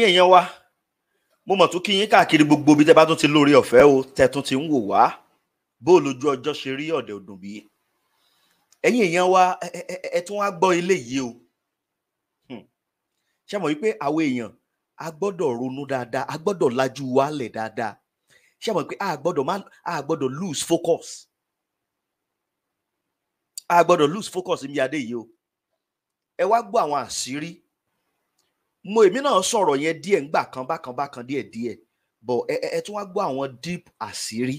ẹ̀yin èèyàn wa mo mọ̀ tún kí yín káàkiri gbogbo ibi tẹ́ tún ti lóore ọ̀fẹ́ o tẹ́ tún ti ń wò wá bó lójú ọjọ́ ṣe rí ọ̀dẹ̀ òdùn bí ẹ̀yin èèyàn wa ẹ tún wá gbọ́ ilé yìí o hmm. ṣe mọ̀ wípé àwọn èèyàn a gbọ́dọ̀ ronú dáadáa a gbọ́dọ̀ lajú wálẹ̀ dáadáa ṣe mọ̀ pé a gbọ́dọ̀ má a gbọ́dọ̀ lose focus a gbọ́dọ̀ lose focus níbi adé yìí o ẹ wá gbọ́ àwọn àṣírí mo èmi náà sọ̀rọ̀ yẹn díẹ̀ ńgbà kan bákan bákan díẹ̀ díẹ̀ bọ̀ ẹ ẹ tún wá gbọ́ àwọn deep àṣírí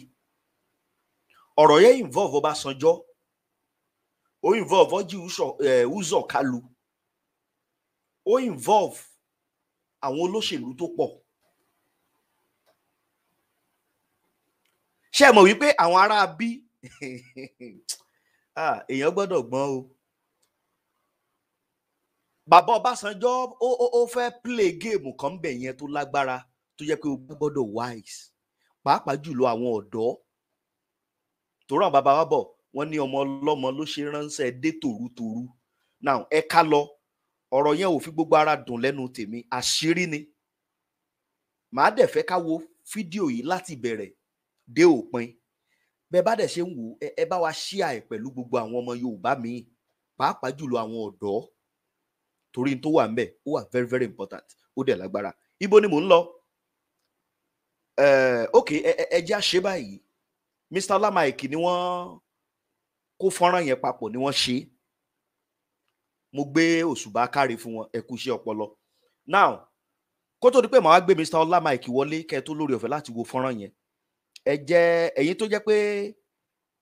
ọ̀rọ̀ yẹn involve Ọbásanjọ́ ó involve Ọjí Uzor Kalu ó involve àwọn olóṣèlú tó pọ̀ ṣé ẹ mọ̀ wípé àwọn ará bí ah, èèyàn gbọ́dọ̀ gbọ́n o bàbá Ọbásanjọ́ ó ó ó fẹ́ play game kan bẹ̀ yẹn tó lágbára tó jẹ́ pé o gbọ́dọ̀ wise pàápàá jùlọ àwọn ọ̀dọ́ tó ràn bàbá wa bọ̀ wọ́n ní ọmọ ọlọ́mọ ló ṣe ránṣẹ́ dé tòrútòrú now ẹ ká lọ ọ̀rọ̀ yẹn ò fi gbogbo ara dùn lẹ́nu tèmi àṣírí ni màá dẹ̀ fẹ́ ká wo fídíò yìí láti bẹ̀rẹ̀ dé òpin bẹ́ẹ̀ bá dẹ̀ ṣe ń wò ẹ bá wa ṣíà ẹ̀ pẹ̀lú gbogbo àwọn ọmọ Yorùbá míì pàápàá jùlọ àwọn ọ̀dọ́ torí tó wà ńbẹ̀ ó wà very very important ó dẹ̀ lágbára ibo ni mò ń lọ eh, ok ẹ jẹ́ àṣẹ báyìí Mr Olamaike ni wọ́n kó fọ́nrán yẹn papọ̀ ni wọ́n ṣe mo gbé òṣùbà káre fún wọn ẹ kú iṣẹ́ ọpọlọ now kó tó di pé màá gbé Mr Olamaike wọlé kẹ́ ẹ tó lórí ọ̀fẹ́ láti wo fọ́nrán yẹn ẹ jẹ́ ẹ̀yin tó jẹ́ pé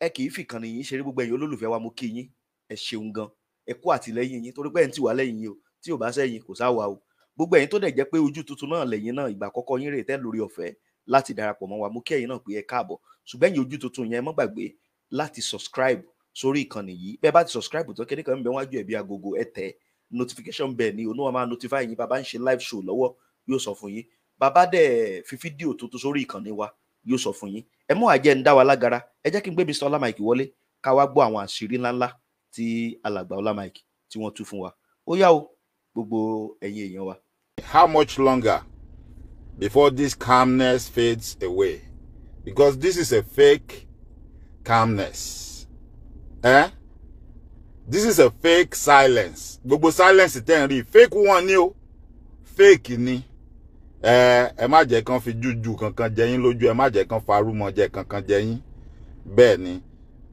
ẹ kì í fìkànnì yín ṣeré gbogbo ẹ̀yin olólùfẹ́ wa mo kí yín ẹ ṣeun gan ẹ kú àtìlẹ́yìn yín torí pé ẹ ń tì wá lẹ́yìn yín o tí ò bá sẹ́yìn kò sáwà o gbogbo ẹ̀yin tó dẹ̀ jẹ́ pé ojú tuntun náà lẹ́yìn náà ìgbà àkọ́kọ́ yín rèé tẹ́ lórí ọ̀fẹ́ láti darapọ̀ mọ́ wa mú kí ẹ̀yin náà pé ẹ káàbọ̀ ṣùgbọ́n ẹ̀yin ojú tuntun yẹn mọ́ gbàgbé láti subscribe sórí ìkànnì yìí bẹ́ẹ̀ bá ti subscribe tó kéde kan ń bẹ wájú ẹ̀bí agogo ẹ tẹ̀ notification bell ni onú wa máa notify yín bàbá ń ṣe live show lọ́wọ́ yóò sọ fún yín bàbá dẹ̀ fi fídíò tuntun sórí ìkànnì wa yóò sọ fún yín ẹ mọ́ àjẹ́ ń dá wa lágara ẹ jẹ́ kí n gbé Mr Ọlá Mike wọlé ká wá gbọ́ àwọn àṣírí ńláńlá tí alàgbà Ọlá Mike tí wọ́n tú fún wa ó yá o gbogbo ẹ̀yin èèyàn wa. How much longer before this calmness fades away? Because this is a fake calmness. Eh? This is a fake silence. Gbogbo silence tẹ́ ń rí fake one ni o. Fake ni. Ẹ ẹ má jẹ́ kan fi jújù kankan jẹ yín lójú ẹ má jẹ́ kan farúmọ jẹ kankan jẹ yín. Bẹ́ẹ̀ ni.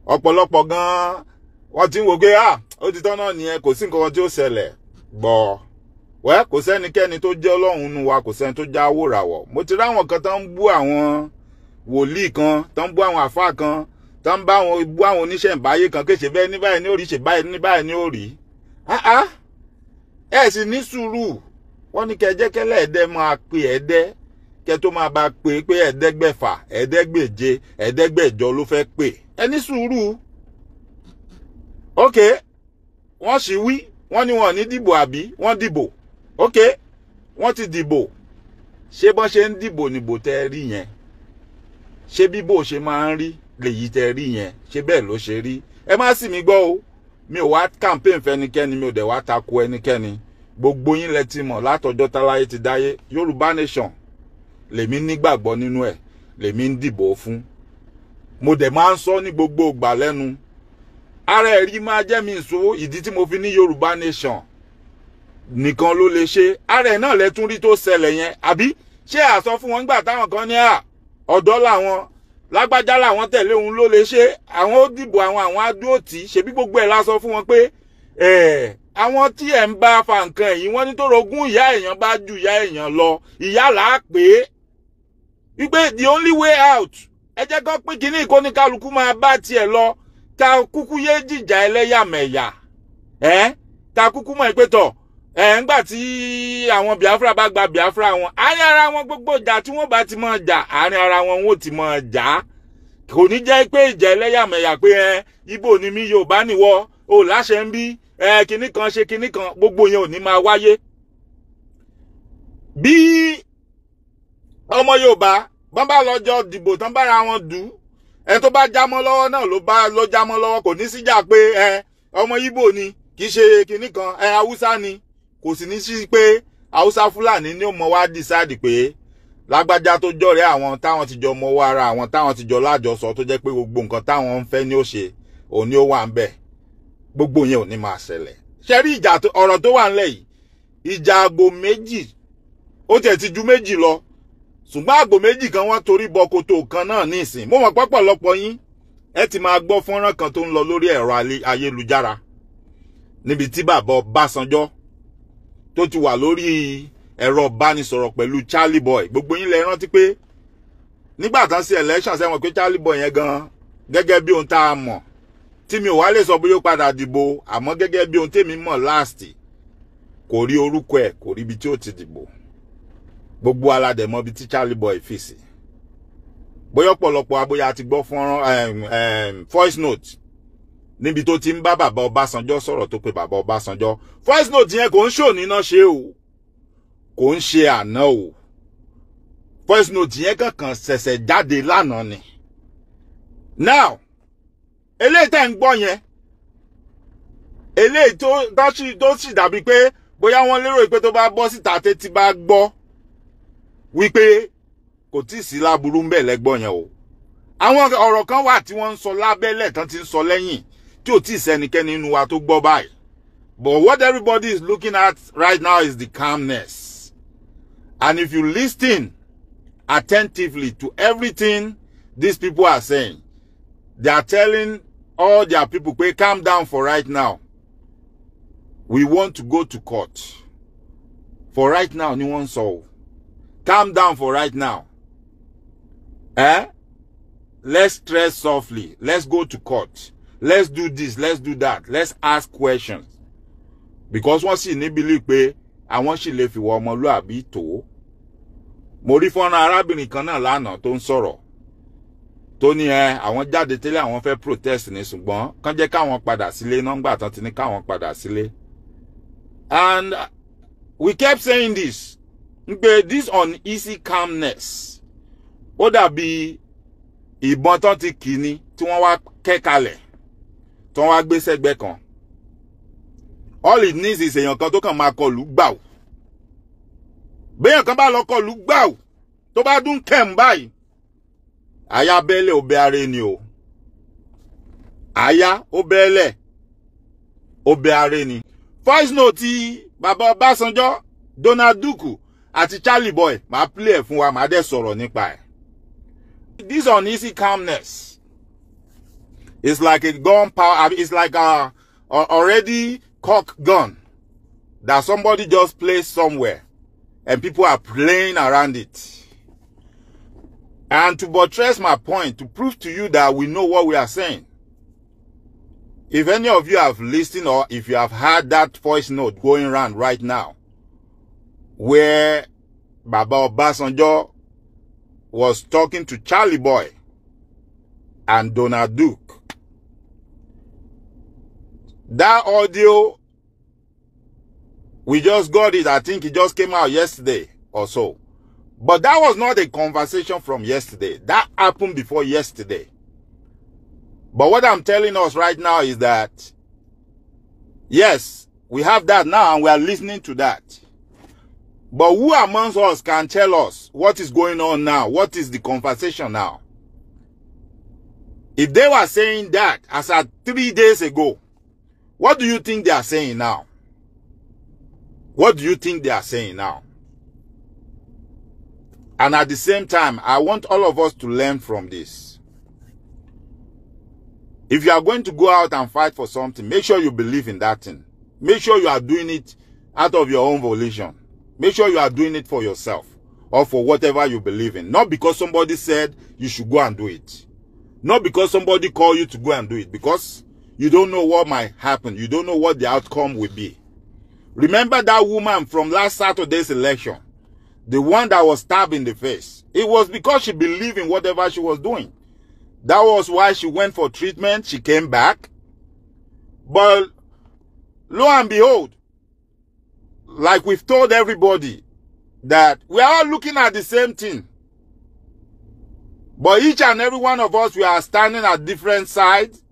Ọ̀pọ̀lọpọ̀ gan-an wọ́n ti ń wò pé ah ó ti tán náà nìyẹn kò sí nǹkan kan tí ó ṣẹlẹ̀ gbọ́ wẹ́ kò sẹ́nikẹ́ni tó jẹ́ ọlọ́run nu wa kò sẹ́ni tó já wòràwọ̀ mo ti ráwọn kan tó ń bú àwọn wòlíì kan tó ń bú àwọn àfáà kan tó ń bá àwọn bú àwọn oníṣẹ́ ìbáyé kan kéṣe bẹ́ẹ̀ ní báyìí ní òrì ṣe báyìí ní báyìí ní òrì ẹ sì ní sùúrù wọ́n ní kẹ́ jẹ́ kẹ́lẹ́ ẹ̀dẹ́ máa pe ẹ̀dẹ́ kẹ́ tó máa bá pe pé ẹ̀ẹ́dẹ́gbẹ̀fà ẹ̀ẹ́dẹ́gbèje ẹ̀ẹ́dẹ́gbẹ̀jọ ló fẹ́ pè ẹ ní sùúrù ok wọ́n sì wí wọ́n ní wọn ní dìbò àbí wọ́n dìbò ok wọ́n ti dìbò ṣé bọ́n ṣe ń dìbò nìbò tẹ́ rí yẹn ṣé bí bò ṣe máa ń rí lèyí tẹ́ rí yẹn ṣé bẹ́ẹ̀ ló ṣe rí ẹ má sì mí gbọ́ o mi ò wá campaign fẹ́nikẹ́ni mi ò dẹ̀ wá tako ẹnikẹ́ni gbogbo yín lẹ ti mọ̀ látọjọ́ táláyé ti dáyé Yorùbá nation lèmi nígbàgbọ́ nínú ẹ̀ lèmi ń dìbò fún mo dẹ̀ máa ń sọ ní gbogbo ìgbà lẹ́nu ara ẹ̀rí máa jẹ́ mi ìṣòwò ìdí tí mo fi ní yorùbá nation nìkan ló lè ṣe ara ẹ̀ náà lẹ tún rí tó ṣẹlẹ̀ yẹn àbí ṣé àsọ fún wọn nígbà táwọn kan ní à ọ̀dọ́ làwọn lágbájá làwọn tẹ̀lé òun ló lè ṣe àwọn ó dìbò àwọn àwọn adóòtí ṣebí gbogbo ẹ̀ la sọ fún wọn pé ẹ̀ àwọn tí ẹ̀ ń bá fa nǹkan yìí wọ́n ní tó rogún ìyá èèyàn bá ju ìyá èèyàn lọ ìyá làá pè é wípé the only way out ẹ jẹ́ kó pín kínní ìkóníkálukú máa bá tiẹ̀ lọ ta kúkú yé jìjà ẹlẹ́yàmẹ̀yà ẹ́ ta kúkú mọ̀ pé tọ̀ ẹ̀ ń gbà tí àwọn Biafra bá gba Biafra wọn àárín ara wọn gbogbo ìjà tí wọ́n bá ti mọ̀ jà àárín ara wọn wọn ò ti mọ̀ jà kò ní jẹ́ pé ìjà ẹlẹ́yàmẹ̀yà pé ẹ Ìgbò ni mí Yorùbá nìwọ ò láṣẹ ń bí ẹ kinní kan ṣe kinní kan gbogbo yẹn ò ní máa wáyé bí ọmọ Yorùbá bọ́n bá lọ́jọ́ dìbò tán bára wọn dùn ẹni tó bá jámọ́ lọ́wọ́ náà ló bá ló jámọ́ lọ́wọ́ kò ní síjà pé ẹ ọmọ Ìgbò ni kì í ṣe kinní kan ẹ haúsá ni kò sì ní sí pé haúsá fúlàní ni ó mọ wá dísáàdì pé lágbájá tó jọ̀rẹ́ àwọn táwọn ti jọ mọ́wọ́ ara àwọn táwọn ti jọ lájọsọ tó jẹ́ pé gbogbo nǹkan táwọn ń fẹ́ ni ó ṣe òun ni ó wà ń bẹ̀ gbogbo yẹn ò ní máa ṣẹlẹ̀ ṣe rí ìjà ọ̀rọ̀ tó wà ńlẹ̀ yìí ìjà àgbò méjì ó tiẹ̀ ti ju méjì lọ ṣùgbọ́n àgbò méjì kan wá torí bọ koto kan náà ní ìsìn mo mọ̀ pọ́pọ̀lọpọ̀ yín ẹ ti máa gbọ́ fọ́nrán kan tó ń lọ lórí ẹ̀rọ ayélujára níbi tí bàbá Ọbásanjọ́ tó ti wà lórí ẹ̀rọ ìbánisọ̀rọ̀ pẹ̀lú Charlie Boy gbogbo yín lẹ rántí pé nígbà tán sí election sẹ́wọ̀n pé Charlie Boy yẹn gan gẹ́gẹ́ bí ohun tá a mọ̀ tí mi ò wá lè sọ bóyá ó padà dìbò àmọ́ gẹ́gẹ́ bí ohun tèmi mọ̀ last kò rí orúkọ ẹ̀ kò rí tí ó ti dìbò gbogbo aládẹ̀mọ́ bíi tí Charlie Boy fèsì bóyá ọ̀pọ̀lọpọ̀ abóyá ti Um um voice note níbi tó ti ń bá bàbá Ọbásanjọ́ sọ̀rọ̀ tó pe bàbá Ọbásanjọ́ voice note yẹn kò ń ṣò níná ṣe o kò ń ṣe àná o voice note yẹn kankan ṣẹ̀ṣẹ̀ jáde lánàá ni now eléyìí tẹ́ ń gbọ́ yẹn eléyìí tó sì dàbí pé bóyá wọ́n lérò pé tó bá bọ́ síta ti bá gbọ́ We o àwọn ọ̀rọ̀ kan wà tí wọ́n ń sọ lábẹ́lẹ̀ tán ti ń sọ lẹ́yìn tí yen tí ì sẹ́nikẹ́ni nínú wa ti won so labele tan so leyin ti o ti i senikeni ninu wa to gbo but what everybody is looking at right now is the calmness and if you listen attentively to everything these people are saying they are telling all their people pé calm down for right now we want to go to court for right now no one sọ Calm down for right now. Eh? Let's stress softly. Let's go to court. Let's do this. Let's do that. Let's ask questions. Because wọ́n sì ní believe pé àwọn sì lè you wọ ọmọlúàbí tó. Mo rí fọ́nrán arábìnrin kan náà lánàá tó ń sọ̀rọ̀. eh, ní ẹ àwọn jáde tẹ́lẹ̀ àwọn fẹ́ protest ní ṣùgbọ́n kán jẹ́ káwọn padà sílé nọ́ngbà tán ti ní káwọn padà sílé. And we kept saying this pé this uneasy calmness ó dàbí ìbọn tán ti kì ní tí wọ́n wá kẹ́ kalẹ̀ tí wọ́n wá gbé sẹ́gbẹ́ kan all it needs is èèyàn kan tó kàn máa kọlù gbàù béèyàn kan bá lọ kọlù gbàù tó bá dún kẹ̀m báyìí àyà bẹ́lẹ̀ ò bẹ ara ẹni o àyà ó bẹ́lẹ̀ ó bẹ ara ẹni voice note ti bàbá Ọbásanjọ́ Donald Duke àti Charlie Boy my play ẹ̀ fún wa màá dẹ̀ sọ̀rọ̀ nípa ẹ̀. This uneasy calmness is like a gun power it's like a, a already cock gun that somebody just placed somewhere and people are playing around it. And to buttress my point, to prove to you that we know what we are saying, if any of you have listened or if you have heard that voice note going around right now, where Baba Obasanjo was talking to Charlie Boy and Donald Duke. That audio, we just got it. I think it just came out yesterday or so. But that was not a conversation from yesterday. That happened before yesterday. But what I'm telling us right now is that, yes, we have that now and we are listening to that. But who amongst us can tell us what is going on now? What is the conversation now? If they were saying that as at three days ago, what do you think they are saying now? What do you think they are saying now? And at the same time, I want all of us to learn from this. If you are going to go out and fight for something, make sure you believe in that thing. Make sure you are doing it out of your own volition. Make sure you are doing it for yourself or for whatever you believe in. Not because somebody said you should go and do it. Not because somebody called you to go and do it. Because you don't know what might happen. You don't know what the outcome will be. Remember that woman from last Saturday's election? The one that was stabbed in the face. It was because she believed in whatever she was doing. That was why she went for treatment. She came back. But lo and behold, like we've told everybody that we are all looking at the same thing. But each and every one of us, we are standing at different sides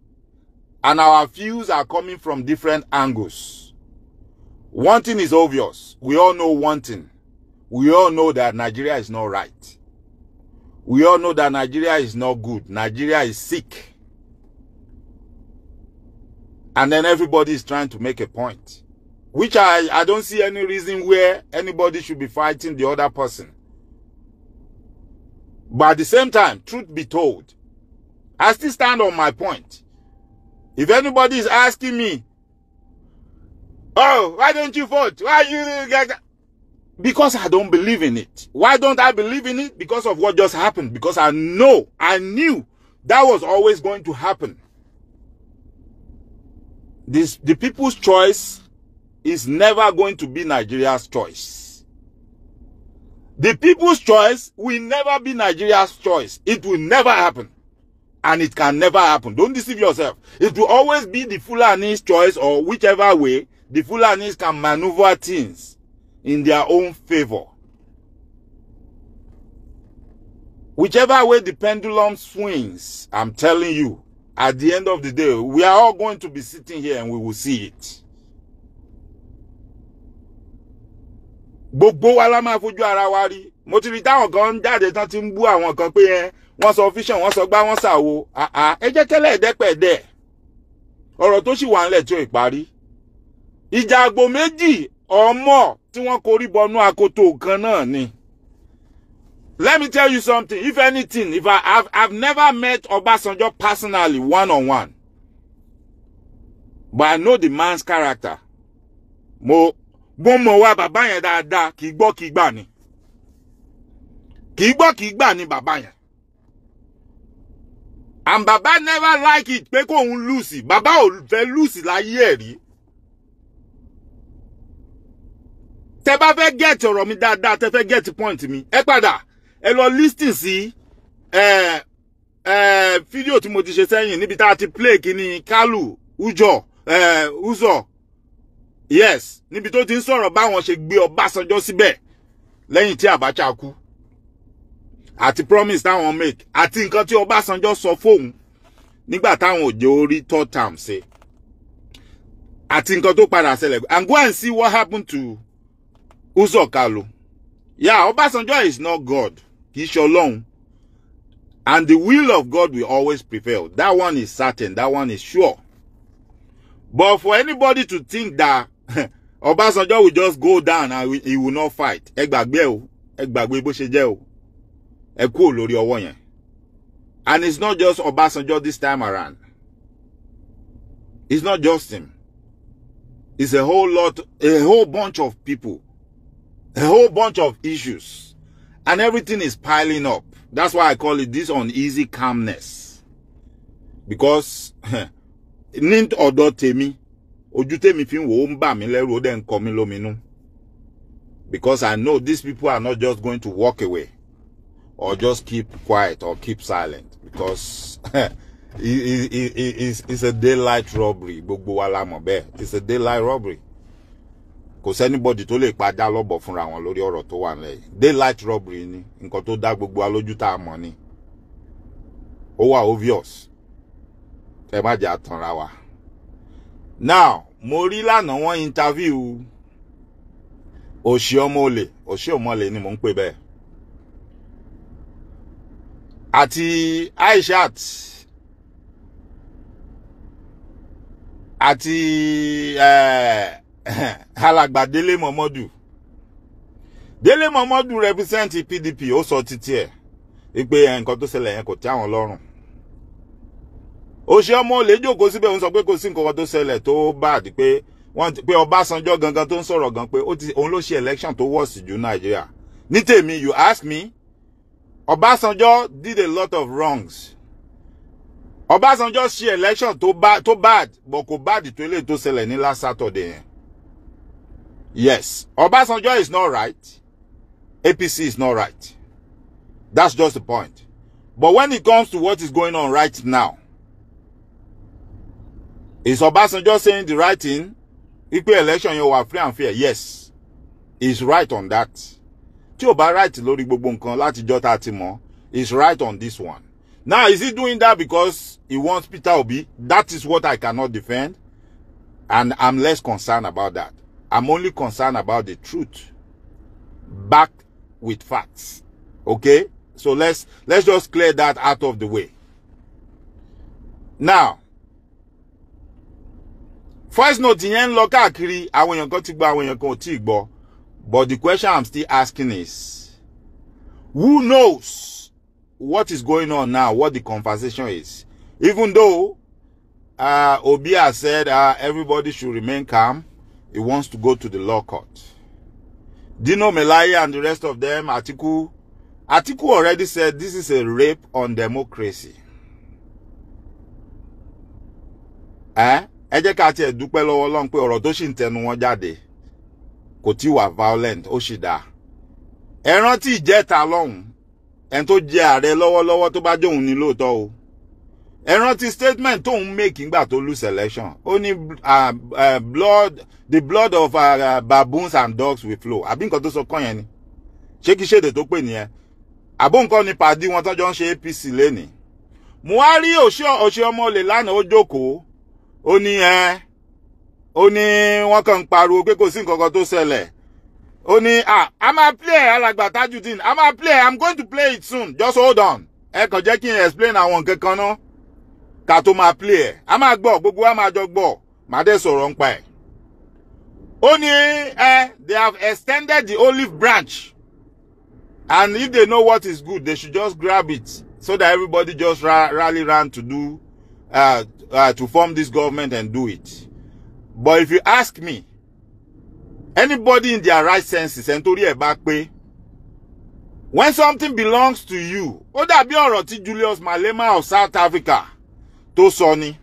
and our views are coming from different angles. One thing is obvious. We all know one thing. We all know that Nigeria is not right. We all know that Nigeria is not good. Nigeria is sick. And then everybody is trying to make a point. Which I, I don't see any reason where anybody should be fighting the other person. But at the same time, truth be told, I still stand on my point. If anybody is asking me, oh, why don't you vote? Why you get because I don't believe in it. Why don't I believe in it? Because of what just happened. Because I know, I knew that was always going to happen. This, the people's choice is never going to be Nigeria's choice. The people's choice will never be Nigeria's choice. It will never happen. And it can never happen. Don't deceive yourself. It will always be the Fulani's choice or whichever way the Fulanis can maneuver things in their own favor. Whichever way the pendulum swings, I'm telling you, at the end of the day, we are all going to be sitting here and we will see it. gbogbo wa la máa fojú ara wa rí mo ti rí táwọn kan ń jáde tán ti ń bú àwọn kan pé ẹ wọ́n sọ fíṣàn wọ́n sọ gbá wọ́n ṣàwo àá ẹ jẹ́ kẹ́lẹ́ ẹ̀dẹ́pẹ̀ẹ́dẹ́ ọ̀rọ̀ tó sì wà ńlẹ̀ tí ó ìparí ìjà méjì ọmọ tí wọ́n korí bọnú akoto kan náà ni. Let me tell you something if anything if I have I've never met Obasanjo personally one on one but I know the man's character mo wọ́n mọ̀ wá bàbá yẹn dáadáa kì í gbọ́ kì í gbà ni kì í gbọ́ kì í gbà ni bàbá yẹn and bàbá never like it pé kóun lùsì Baba ò fẹ́ lùsì láyé ẹ̀ rí tẹ bá fẹ́ get ọ̀rọ̀ mi dáadáa tẹ fẹ́ get point mi ẹ padà ẹ lọ listen sí ẹ ẹ fídíò tí mo ti ṣe sẹ́yìn níbi tá a ti play kíní kálù ujọ ẹ uzọ yes níbi tó ti ń sọ̀rọ̀ báwọn ṣe gbé Ọbásanjọ́ síbẹ̀ lẹ́yìn tí Abacha kú àti promise táwọn make àti nǹkan tí Ọbásanjọ́ sọ fóun nígbà táwọn òjò orí third term ṣe àti nǹkan tó padà ṣẹlẹ̀ and go and see what happened to Uzokalo yeah Ọbásanjọ́ is not God kì í ṣe Ọlọ́run and the will of God will always prevail that one is certain that one is sure but for anybody to think that Obasanjo will just go down and he will not fight. Ẹ gbàgbé o, ẹ gbàgbé bó ṣe jẹ́ o. Ẹ kúrò lórí ọwọ́ yẹn. And it's not just Obasanjo this time around. It's not just him. It's a whole lot, a whole bunch of people, a whole bunch of issues. And everything is piling up. That's why I call it this uneasy calmness. Because, Nint ọ̀dọ̀ tèmi, ojú tèmi fi ń wò ó ń bà mí lẹ́rù ó dẹ̀ ń kọ mí lóminú because I know these people are not just going to walk away or just keep quiet or keep silent because it, it, it, it's, it's a daylight robbery gbogbo wa la mọ̀ bẹ́ẹ̀ it's a daylight robbery kò sẹ́nibọ́dì tó lè padà lọ́bọ̀ fúnra wọn lórí ọ̀rọ̀ tó wà nílẹ̀ daylight robbery ni nǹkan tó dá gbogbo wa lójú tá a mọ̀ ni ó wà obvious ẹ má jẹ́ àtànra wa now mo rí lánàá wọn interview òṣì ọmọ olè òṣì ọmọ olè ni mò ń pè bẹ́ẹ̀ àti Aishat àti eh, alàgbà Délé Mọ̀mọ́dù Délé Mọ̀mọ́dù represent PDP ó sọ títí ẹ̀ pé nǹkan tó ṣẹlẹ̀ yẹn kò tẹ́ àwọn lọ́rùn òṣè ọmọ olè jókòó síbẹ̀ ń sọ pé kò sí nǹkan tó ṣẹlẹ̀ tó bad pé wọ́n pé Ọbásanjọ́ gangan tó ń sọ̀rọ̀ gan pé òun ló ṣe election tó worst jù Nàìjíríà ní tèmi you ask me Ọbásanjọ́ did a lot of wrongs Ọbásanjọ́ ṣe election tó bad tó bad but kò bad tó lè tó ṣẹlẹ̀ ní last Saturday yes Ọbásanjọ́ is not right APC is not right that's just the point but when it comes to what is going on right now is Obasanjo saying the right thing? you election you are free and fair. Yes. He's right on that. Tio ò bá right lórí gbogbo nǹkan látijọ́ he's right on this one. Now is he doing that because he wants Peter Obi? That is what I cannot defend. And I'm less concerned about that. I'm only concerned about the truth. Back with facts. Okay? So let's let's just clear that out of the way. Now, First, note yẹn ń lọ káàkiri àwọn èèyàn kan I want àwọn èèyàn kan but the question i'm still asking is who knows what is going on now what the conversation is even though uh, Obi has said uh, everybody should remain calm he wants to go to the law court Dino Melaya and the rest of them Atiku Atiku already said this is a rape on democracy eh ẹ jẹ́ ká tiẹ̀ dúpẹ́ lọ́wọ́ Ọlọ́run pé ọ̀rọ̀ tó sì ń tẹnu wọn jáde kò tí wà violent ó sì dáa ẹ rántí ìjẹta lọ́hùn ẹni tó jẹ ààrẹ lọ́wọ́lọ́wọ́ tó bá jóun ní lóòótọ́ o ẹ rántí statement tóun make ngbà tó lose election ó ní ah, eh, blood the blood of uh, baboons and dogs will flow àbí nǹkan tó sọ kàn yẹn ni ṣé kí ṣèdè tó pè nìyẹn àbó nǹkan ni pàdé wọn tọ́jọ́ ń ṣe APC lẹ́nìí mo wá rí òṣè ọmọ olè lánàá ó jókòó ó ní ẹ ó ní wọ́n kàn ń pariwo pé kò sí nǹkan kan tó ṣẹlẹ̀ ó ní à á máa play alàgbà tajudeen á máa play i'm going to play it soon just hold on ẹ kàn jẹ́ kí n explain àwọn nǹkan kan ná ká tó máa play ẹ̀ á máa gbọ́ gbogbo wa máa jọ gbọ́ màá dẹ̀ sọ̀rọ̀ nípa ẹ̀. ó ní ẹ they have extended the olive branch and if they know what is good they should just grab it so that everybody just ra rally round to do uh, uh, to form this government and do it. But if you ask me, anybody in their right senses, and to ẹ̀ bá pé, when something belongs to you, ó dàbí ọ̀rọ̀ tí Julius Malema of South Africa tó sọ ni.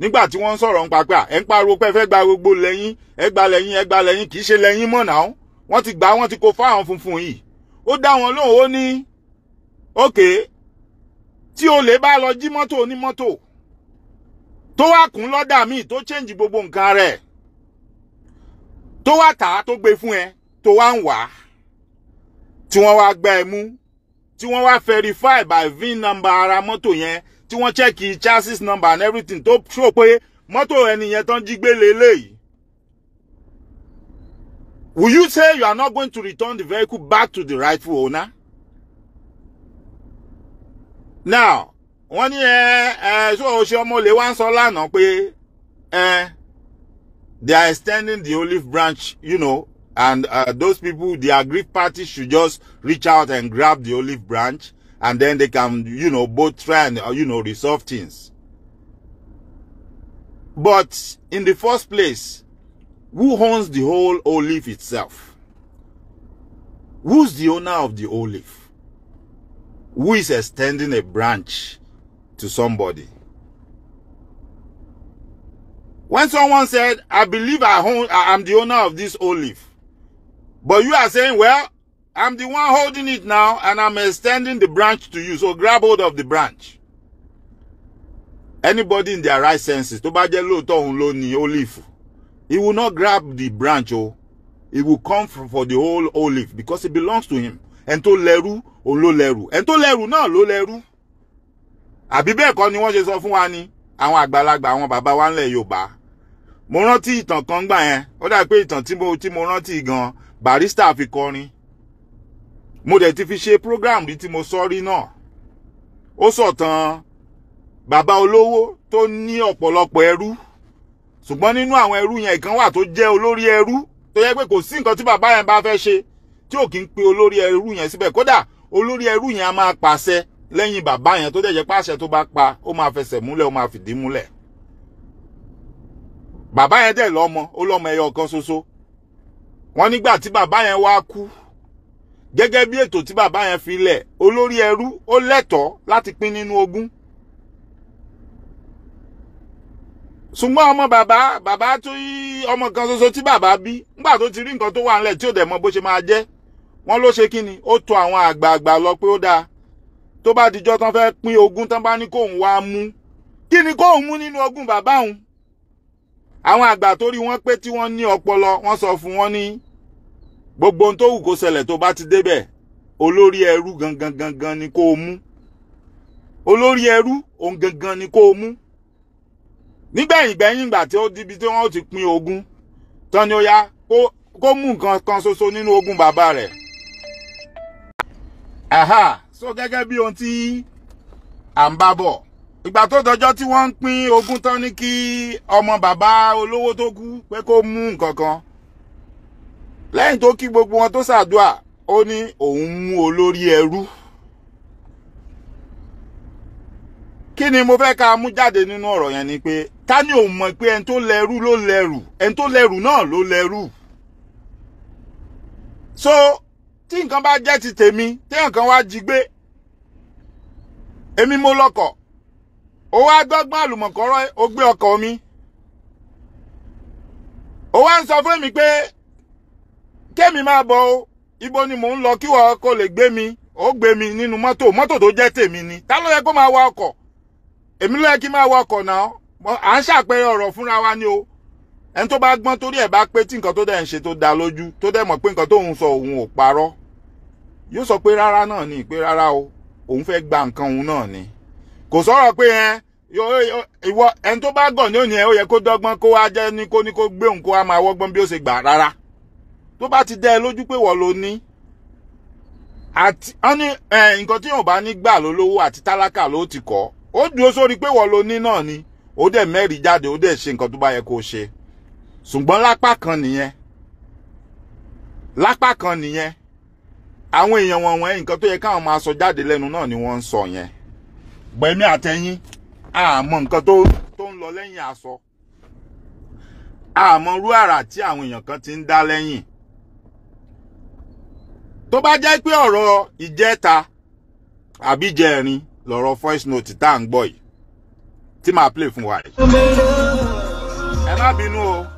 Nígbà tí so ń sọ̀rọ̀ ń papẹ́ à, ẹ̀ ń pariwo pé ẹ fẹ́ gba gbogbo lẹ́yìn, ẹ gba lẹ́yìn, ẹ gba lẹ́yìn, kì í ṣe lẹ́yìn mọ̀ náà. Wọ́n ti gbà wọ́n ti kó fáwọn funfun yìí. Ó dá wọn lóhùn ó ní, okay, tí olè bá lọ jí mọ́tò onímọ́tò tó wá kún lọ́dà míì tó change gbogbo nǹkan rẹ̀ tó wá tà á tó gbé fún ẹ tó wá ń wà á tí wọ́n wá gbá ẹ mú tí wọ́n wá verify by VIN number ara mọ́tò yẹn tí wọ́n check chassis number and everything tó show pé mọ́tò ẹni yẹn tán jí gbé lélẹ́yìí. Will you say you are not going to return the vehicle back to the rightful owner? Now, wọ́n ní as ẹ ṣó o ṣe ọmọ olè wá sọ pé they are extending the olive branch you know and uh, those people the aggrieved party should just reach out and grab the olive branch and then they can you know both try and uh, you know resolve things but in the first place who owns the whole olive itself who's the owner of the olive who is extending a branch to somebody. When someone said, I believe I own, I'm the owner of this olive. But you are saying, well, I'm the one holding it now and I'm extending the branch to you. So grab hold of the branch. Anybody in their right senses, tó bá jẹ́ lóòótọ́ ní olive, he will not grab the branch oh, He will come for the whole olive because it belongs to him. And tó lẹ́rú, òun lẹ́rú. Ẹni tó lẹ́rú náà ló lẹ́rú. àbí bẹ́ẹ̀ kọ́ ni wọ́n ṣe sọ fún wa ni àwọn àgbàlagbà àwọn bàbá wa ńlẹ̀ yorùbá mo rántí ìtàn kan gbà yẹn ó dà pé ìtàn tí mo tí mo rántí gan barista fi kọrin mo dẹ̀ ti fi ṣe program bí tí mo sọ rí náà ó sọ̀tàn bàbá olówó tó ní ọ̀pọ̀lọpọ̀ ẹrú ṣùgbọ́n nínú àwọn ẹrú yẹn ìkan wà tó jẹ́ olórí ẹrú tó yẹ pé kò sí nǹkan tí bàbá yẹn bá fẹ́ ṣe tí ò kí ń pe olórí ẹrú yẹn síbẹ̀ kódà olórí ẹrú yẹn a máa pàṣẹ lẹ́yìn bàbá yẹn tó dẹ̀jẹ̀ pàṣẹ tó bá pa ó máa fẹsẹ̀ múlẹ̀ ó máa fìdí múlẹ̀ bàbá yẹn dẹ̀ lọ́mọ ó lọ́mọ ẹyọ kan ṣoṣo wọ́n nígbà tí bàbá yẹn wá kú gẹ́gẹ́ bí ètò tí bàbá yẹn fi lẹ̀ olórí ẹrú ó lẹ́tọ̀ọ́ láti pín nínú ogún ṣùgbọ́n ọmọ bàbá bàbá tó yí ọmọ kan ṣoṣo tí bàbá bí nígbà tó ti rí nǹkan tó wà nílẹ̀ tí ò dẹ̀ mọ bó ṣe máa jẹ́ wọ́n ló ṣe kí ó tọ̀ àwọn àgbààgbà lọ pé ó dáa tó bá dijọ́ tán fẹ́ pín ogún tán bá ní kóun wá mú kí ni kóun mú nínú ogún bàbá òun àwọn àgbà tó rí wọn pé tí wọ́n ní ọpọlọ wọ́n sọ fún wọn ní gbogbo ohun tó wù kó ṣẹlẹ̀ tó bá ti débẹ̀ olórí ẹrú gangan gangan ni kó o mú olórí ẹrú òun gangan ni kó o mú nígbẹ̀yìn gbẹ̀yìn ìgbà tí ó dibi tí wọ́n ti pín ogún tán ni ó yá kó mú nǹkan kan ṣoṣo nínú ogún bàbá rẹ̀ so gẹ́gẹ́ bí ohun tí à ń bá bọ̀ ìgbà tó dọjọ́ tí wọ́n ń pín ogún tán ní kí ọmọ bàbá olówó tó kú pé kó mú nǹkan kan lẹ́yìn tó kí gbogbo wọn tó ṣàdúà ó ní òun mú olórí ẹrú kí ni mo fẹ́ ká mú jáde nínú ọ̀rọ̀ yẹn ni pé ká ní òun mọ̀ pé ẹni tó lẹ́rú ló lẹ́rù ẹni tó lẹ́rù náà ló lẹ́rù so tí nǹkan bá jẹ́ ti tèmi téèyàn kan wá jí gbé èmi mo lọkọ̀ ó wá gbọ́gbọ́n àlùmọ̀kọ́rọ́ ó gbé ọkọ̀ mi ó wá ń sọ fún mi pé kémi máa bọ̀ ọ́ ibo ni mò ń lọ kí wọ́n kó lè gbé mi ó gbé mi nínú mọ́tò mọ́tò tó jẹ́ tèmi ni ta ló yẹ kó máa wa ọkọ̀ èmi ló yẹ kí máa wa ọkọ̀ náà à ń ṣàpẹẹrẹ ọ̀rọ̀ fúnra wa ni o ẹni tó bá gbọ́n torí ẹ̀ bá pé tí nǹkan tó dẹ̀ ń ṣe tó da lójú tó dẹ̀ mọ̀ pé nǹkan tóun sọ òun ò parọ́ yóò sọ pé rárá náà ni pé rárá o òun fẹ́ gba nǹkan òun náà ni kò sọ̀rọ̀ pé ẹ ìwọ ẹni tó bá gọ̀ ní òní ẹ ó yẹ kó dọ́gbọ́n kó wá jẹ́ ní kó ní kó gbé òun kó wá máa wọ́gbọ́n bí ó ṣe gbà rárá tó bá ti dẹ́ ẹ lójú pé wọ́n lo ní àti wọ́n ní nǹkan tí yóò bá ní gbà lólówó àti tálákà ló ti kọ́ ó dúró sórí pé wọ́n lo ní náà ni ó dẹ̀ mẹ́rìí jáde ó dẹ̀ ṣe nǹkan tó bá yẹ kó ṣe ṣùgbọ́n lápá kan nìyẹn lápá kan nìyẹn àwọn èèyàn wọ̀nyẹn nǹkan tó yẹ káwọn máa sọ jáde lẹ́nu náà ni wọ́n ń sọ yẹn gbẹ̀mí àtẹ̀yìn àmọ́ nǹkan tó tó ń lọ lẹ́yìn aṣọ àmọ́ irú àrà tí àwọn èèyàn kan ti ń dá lẹ́yìn tó bá jẹ́ pé ọ̀rọ̀ ìjẹta àbí lọ̀rọ̀ voice note tá à ń gbọ́ yìí tí màá play fún wa yìí ẹ má bínú o.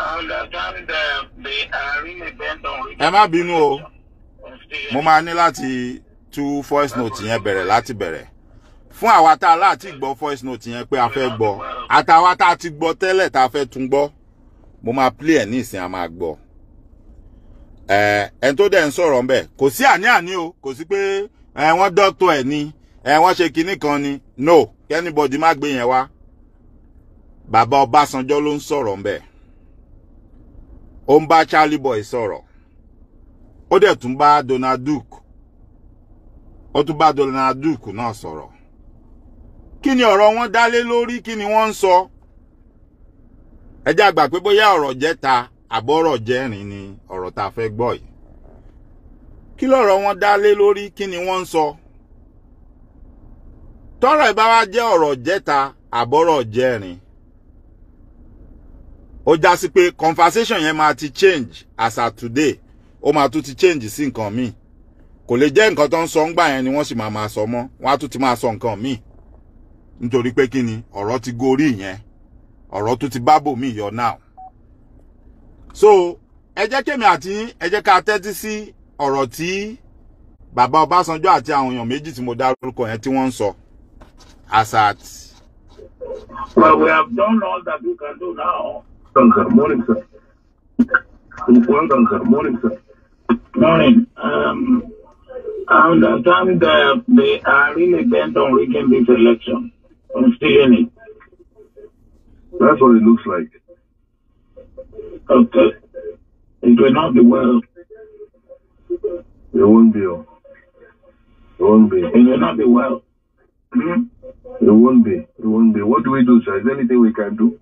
I understand they are really Ẹ má bínú o, mo máa ní láti tú voice note yẹn bẹ̀rẹ̀ láti bẹ̀rẹ̀ fún àwa tá a láti gbọ́ voice note yẹn pé a fẹ́ gbọ́ àtàwa tá a ti gbọ́ tẹ́lẹ̀ tá a fẹ́ tún gbọ́ mo máa play ẹ̀ ní ìsìn a máa gbọ́ ẹn tó dẹ̀ ń sọ̀rọ̀ ńbẹ̀ kò sí àní-àní o kò sí pé wọ́n dọ́tọ̀ ẹ̀ ni wọ́n ṣe kinní kan ni no kẹ́nìbọ̀dì má gbé yẹn wá bàbá Ọbásanjọ́ ló ń sọ̀rọ̀ ńbẹ̀. ó ń bá Charlie Boy sọ̀rọ̀ ó dẹ̀ tún bá Donald Duke ó tún bá Donald Duke náà sọ̀rọ̀ kí ni ọ̀rọ̀ wọn dálé lórí kí ni wọ́n ń sọ ẹ àgbà pé bóyá ọ̀rọ̀ jẹ́ta àbọ̀rọ̀ jẹ́rìn ni ọ̀rọ̀ tá fẹ́ gbọ́ yìí kí lọ̀rọ̀ wọn dálé lórí kí ni wọ́n ń sọ tọ́rọ̀ ìbá wa jẹ́ ọ̀rọ̀ jẹ́ta àbọ̀rọ̀ jẹ́rìn ó já sí pé conversation yẹn máa ti change as at today ó máa tún ti change sí nǹkan míì kò lè jẹ́ nǹkan tó ń sọ ńgbà yẹn ni wọ́n sì máa máa sọ mọ́ wọ́n á tún ti máa sọ nǹkan míì nítorí pé kí ni ọ̀rọ̀ ti gorí yẹn ọ̀rọ̀ tún ti bábò míì yọ now so ẹ jẹ́ kémi àti ẹ jẹ́ ká tẹ́tí sí ọ̀rọ̀ tí bàbá Ọbásanjọ́ àti àwọn èèyàn méjì tí mo dárúkọ yẹn tí wọ́n ń sọ as at. Well, we have done all that we can do now. Gunsar. Morning, sir. Kumpuan Gunsar. Morning, sir. Morning. Um, I understand that they are really bent on rigging this election, on stealing it. That's what it looks like. Okay. It will not be well. It won't be. Oh. It won't be. It will not be well. Hmm? It won't be. It won't be. What do we do, sir? Is there anything we can do?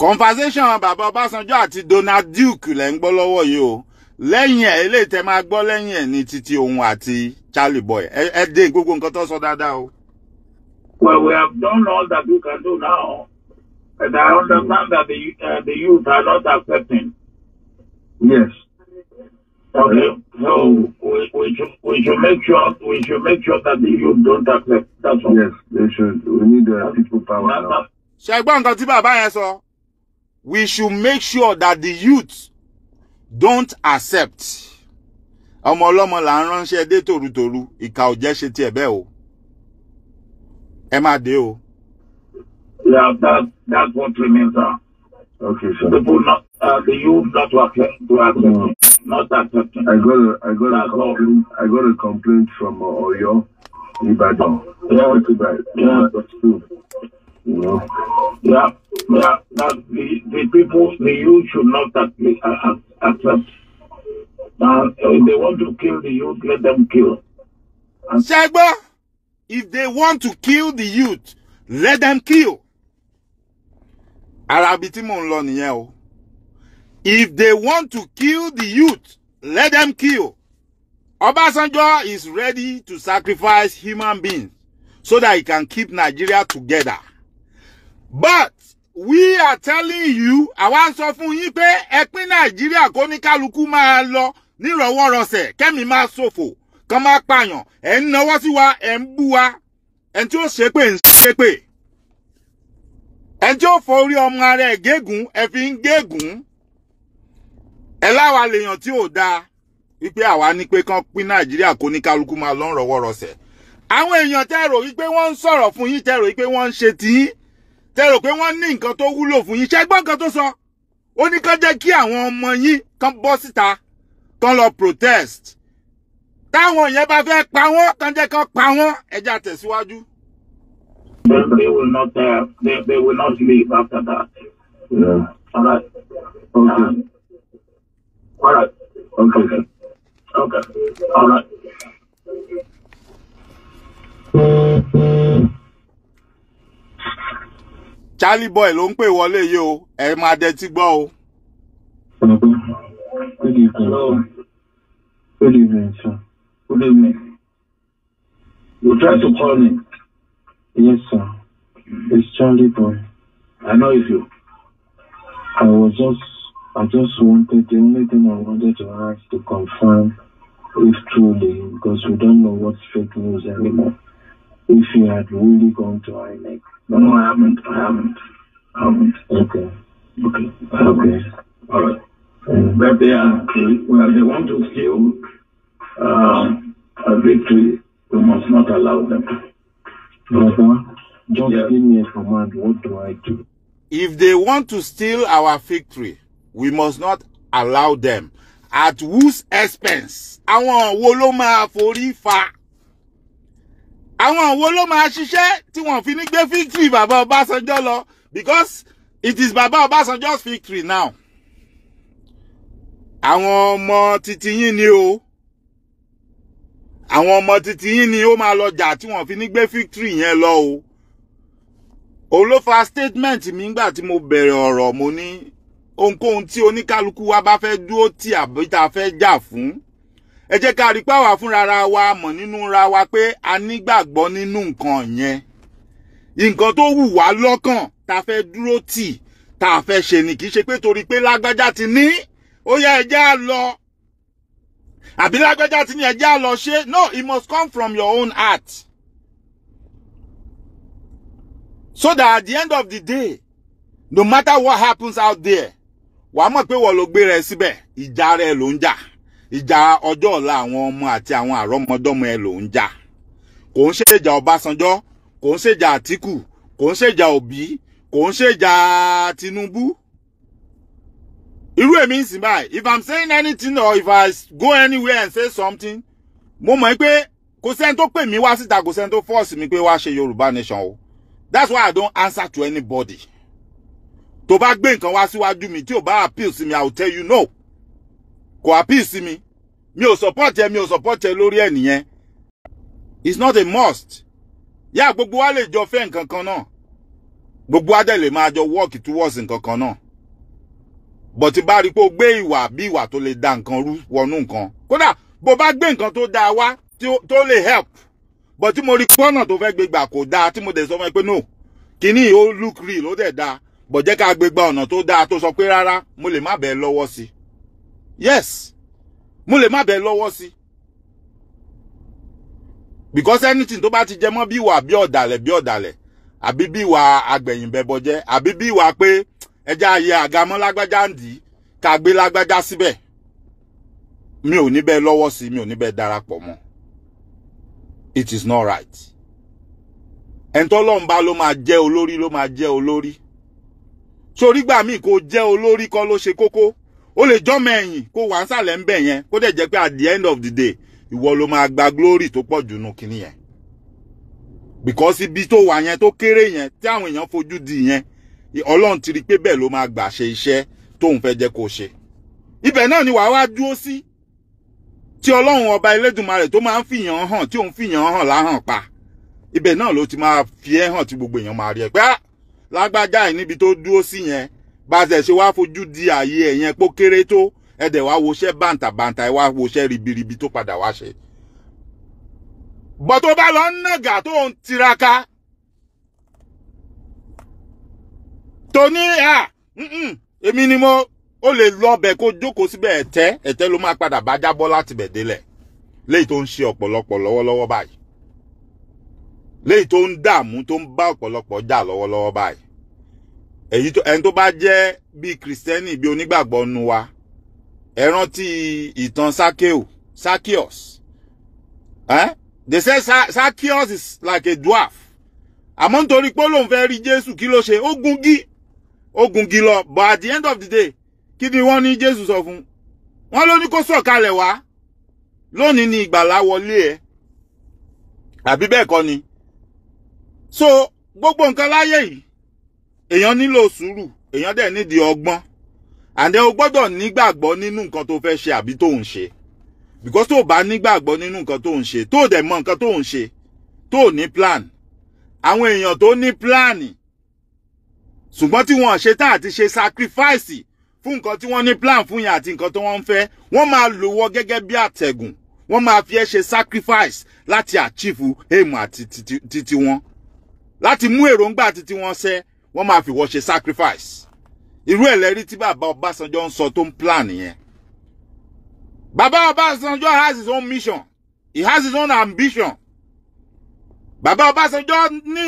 conversation bàbá Ọbásanjọ́ àti Donald Duke lẹ́ ń gbọ́ lọ́wọ́ yìí o lẹ́yìn ẹ̀ eléyìí tẹ́ máa gbọ́ lẹ́yìn ẹ̀ ní títí òun àti Charlie Boy ẹ dé gbogbo nǹkan tó sọ dáadáa o. Well, we have done all that we can do now. And I understand that the, uh, the youth are not accepting. Yes. Okay. So we, we, should, we should make sure we should make sure that the youth don't accept. That's all. Yes, they should. We need uh, people power now. ṣe gbọ́ nǹkan tí bàbá yẹn sọ we should make sure that the youth don't accept ọmọ ọlọ́mọ là ń ránṣẹ́ dé tòrutòru ìkà ò jẹ́ ṣe tiẹ̀ bẹ́ẹ̀ o ẹ má dé o. Yeah, that, that's what we mean, sir. Uh, okay, sir. People not, uh, the youth not accept, to accept no. Mm. not accepting. I got a, I got a complaint, I got a complaint from uh, Oyo, Ibadan. Yeah, yeah. yeah. yeah. know, that, that, the, the people, the youth should not accept. And uh, if they want to kill the youth, let them kill. And Segba, if they want to kill the youth, let them kill. If they want to kill the youth, let them kill. Obasanjo is ready to sacrifice human beings so that he can keep Nigeria together. but we are telling you àwa ń sọ fún yín pé ẹ pín nàìjíríà kó ní kálukú máa lọ nírọ̀wọ́rọsẹ̀ kẹ́mi máa ṣòfò kan máa pààyàn ẹ̀ ń nawọ́ sí wa ẹ̀ ń bú wa ẹ̀ tí ó ṣépè ń ṣépè ẹ̀ tí ó fọ orí ọmọ ara ẹ̀ gégùn ẹ̀ fi ń gégùn ẹ̀ láwa lèèyàn tí ò dáa wípé àwa ní pé kán pín nàìjíríà kó ní kálukú máa lọ ń àwọn èèyàn tẹ́ wípé wọ́n ń sọ̀rọ̀ fún yín tẹ́ wípé wọ́n ń ṣe tiyín tẹ́ rò pé wọ́n ní nǹkan tó wúlò fún yín ṣé nǹkan tó sọ ó ní kán jẹ́ kí àwọn ọmọ yín kan bọ́ síta kan lọ protest táwọn yẹn bá fẹ́ pa wọ́n kan jẹ́ kan pa wọ́n ẹja tẹ̀síwájú. They will not uh, they, they will not leave after that. Yeah. All right. Okay. Um, all right. Okay. Okay. okay. All right. Thank mm-hmm. you. Charlie boy ló ń pè wọlé yìí o ẹ máa dẹtí gbọ́ o. Good evening. Good evening, sir. Good evening. You tried to call me. Yes, sir. It's Charlie boy. I know it's you. I was just, I just wanted, the only thing I wanted to ask to confirm if truly, because we don't know what's fake news anymore, if you had really gone to INEC. No, no, I haven't. I haven't. I haven't. Okay. Okay. Okay. All right. Mm. But they are, well, they want to steal uh, um, a victory. We must not allow them. Brother, just yeah. give me a command. What do I do? If they want to steal our victory, we must not allow them. At whose expense? Àwọn wo ló máa fa? àwọn wo ló máa ṣiṣẹ́ tí wọ́n fi ní gbé victory bàbá Ọbásanjọ́ lọ because it is bàbá Ọbásanjọ́'s victory now. àwọn ọmọ titi yín ni o àwọn ọmọ titi yín ni ó máa lọ jà tí wọ́n fi ní gbé victory yẹn lọ o. òun ló fa statement mi nígbà tí mo bẹ̀rẹ̀ ọ̀rọ̀ mo ní ohunkóhun tí oníkálukú wa bá fẹ́ dúró tì àbí tá a fẹ́ jà fún ẹ jẹ́ ká rí páwà fúnra wa mọ̀ nínú ra wa pé a nígbàgbọ́ nínú nǹkan yẹn nǹkan tó wù wá lọ́kàn tá fẹ́ dúró tì tá fẹ́ ṣe ni kì í ṣe pé torí pé lágbájá ti ní ó yá ẹ jẹ́ á lọ àbí lágbájá ti ní ẹ jẹ́ á lọ ṣe no it must come from your own heart so that at the end of the day no matter what happens out there wàá mọ̀ pé wọ́n ló gbé rẹ síbẹ̀ ìjà rẹ ló ń jà ìjà ọjọ́ ọ̀la àwọn ọmọ àti àwọn àrọ́mọdọ́mọ ẹ ló ń jà kò ń ṣèjà Ọbásanjọ́ kò ń ṣèjà Àtíkù kò ń ṣèjà Òbí kò ń ṣèjà Tinubu irú èmi ń sìn báyìí if i'm saying anything or if i go anywhere and say something mo mọ̀ pé kò sẹ́ni tó pè mí wá síta kò sẹ́ni tó force mi pé wá ṣe Yorùbá nation o that's why i don't answer to anybody tó bá gbé nǹkan wá síwájú mi tí ò bá appeal sí mi i will tell you no kò appease mi mi ò support ẹ mi ò support ẹ lórí ẹ nìyẹn it's not a must yá gbogbo wa lè jọ fẹ́ nǹkan kan náà gbogbo wa dẹ̀ lè máa jọ work towards nǹkan kan náà but bá rí pé o gbé ìwà bí ìwà tó lè da nǹkan rú wọnú nǹkan kódà bó bá gbé nǹkan tó dáa wá tó lè help but tí mo rí pọ́nà tó fẹ́ gbé gbà kò dáa tí mo dẹ̀ sọ fún ẹ pé no kíní ó look real ó dẹ̀ da. bọ̀ jẹ́ ká gbé gba ọ̀nà tó dáa tó sọ pé rárá mo lè má bẹ́ẹ̀ lọ́wọ́ sí i yes mo lè má bẹ́ẹ̀ lọ́wọ́ sí because anything tó bá ti jẹ wa bí ìwà bí ọ̀dàlẹ̀ bí ọ̀dàlẹ̀ àbí bí ìwà agbẹ̀yìnbẹ̀bọ̀jẹ́ àbí bí ìwà pé ẹja ayé àgamọ́ lágbájá ń dì í ká gbé lágbájá síbẹ̀ mi ò ní bẹ́ẹ̀ lọ́wọ́ sí mi ò ní bẹ́ẹ̀ darapọ̀ mọ́ it is not right ẹni tó lọ́n bá ló ma je olori ló máa jẹ́ olórí sórí gbà míì kò jẹ́ olórí kọ́ ló ṣe kókó ó lè jọ́mọ ẹ̀yìn kó wà nsàlẹ̀ ń bẹ̀ yẹn kó dẹ̀ jẹ́ pé at the end of the day ìwọ ló máa gba glory tó pọ̀ jù nù kíní yẹn because ibi tó wà yẹn tó kéré yẹn tí àwọn èèyàn fojú di yẹn ọlọ́run ti rí i pé bẹ́ẹ̀ ló máa gbà ṣe iṣẹ́ tóun fẹ́ jẹ́ kó ṣe ibẹ̀ náà ni wàá wá dúró sí tí ọlọ́run ọba elédùnmarè tó máa ń fìyàn hàn tí òun fìyàn hàn láhàn pa ibẹ̀ náà ló ti máa fi ẹ́ hàn tí gbogbo èèyàn máa rí ẹ pé ah! lágbájá ẹ̀ níbi tó dúró sí yẹn bàtẹ̀ ṣe wá fojú di ààyè ẹ̀yẹn pó kéré tó ẹ̀dẹ̀ wá woṣẹ́ bàǹtàbàǹtà ẹ̀ wá woṣẹ́ ribiribi tó padà wá ṣe. bọ́ bá lọ ń nàgà tó ń tiraka tó ní à èmi ni mo ó lè lọ bẹ̀ kó jókòó síbẹ̀ ẹ̀tẹ́ ẹ̀tẹ́ ló máa padà bá jábọ́ láti bẹ̀ délẹ̀ léyìí tó ń ṣe ọ̀pọ̀lọpọ̀ lọ́wọ́lọ́wọ́ báyìí léyìí tó ń dààmú tó ń bá ọ̀pọ̀lọpọ̀ jà lọ́wọ́lọ́wọ́ báyìí èyí tó ẹni tó bá jẹ́ bíi kristẹni bíi onígbàgbọ́ nu wa ẹ rántí ìtàn sakeo sakios eh? they say Sa sakios is like a dwarf àmọ́ nítorí pé lòun fẹ́ rí jésù kí ló ṣe ó gungi ó gungi lọ but at the end of the day kí ni wọ́n ní jésù sọ fún wọn ló ní kó sọ̀kalẹ̀ wá lónìí ni ìgbàlá wọlé ẹ àbí bẹ́ẹ̀ kọ́ ni so gbogbo nǹkan láyé yìí èèyàn nílò sùúrù èèyàn dẹ̀ nídìí ọgbọ́n àdẹ o gbọ́dọ̀ nígbàgbọ́ nínú nǹkan tó fẹ́ ṣe àbí tó ń ṣe because tó o bá nígbàgbọ́ nínú nǹkan tó ń ṣe tó o dẹ̀ mọ nǹkan tó ń ṣe tó o ní plan àwọn èèyàn tó ní plan ṣùgbọ́n tí wọ́n ṣe tá àti ṣe sacrifice fún nǹkan tí wọ́n ní plan fún yẹn àti nǹkan tó wọ́n ń fẹ́ wọ́n máa lò wọ́ gẹ́gẹ́ bí àtẹ̀gùn wọ́n máa fi ẹ́ ṣe sacrifice láti achieve aim àti titi wọn láti mú èròǹgbà titi wọn ṣẹ wọ́n máa fi wọ́n ṣe sacrifice irú ẹ̀ lẹ́rí tí bàbá Ọbásanjọ́ ń sọ tó ń plan yẹn bàbá Ọbásanjọ́ has his own mission he has his own ambition bàbá Ọbásanjọ́ ní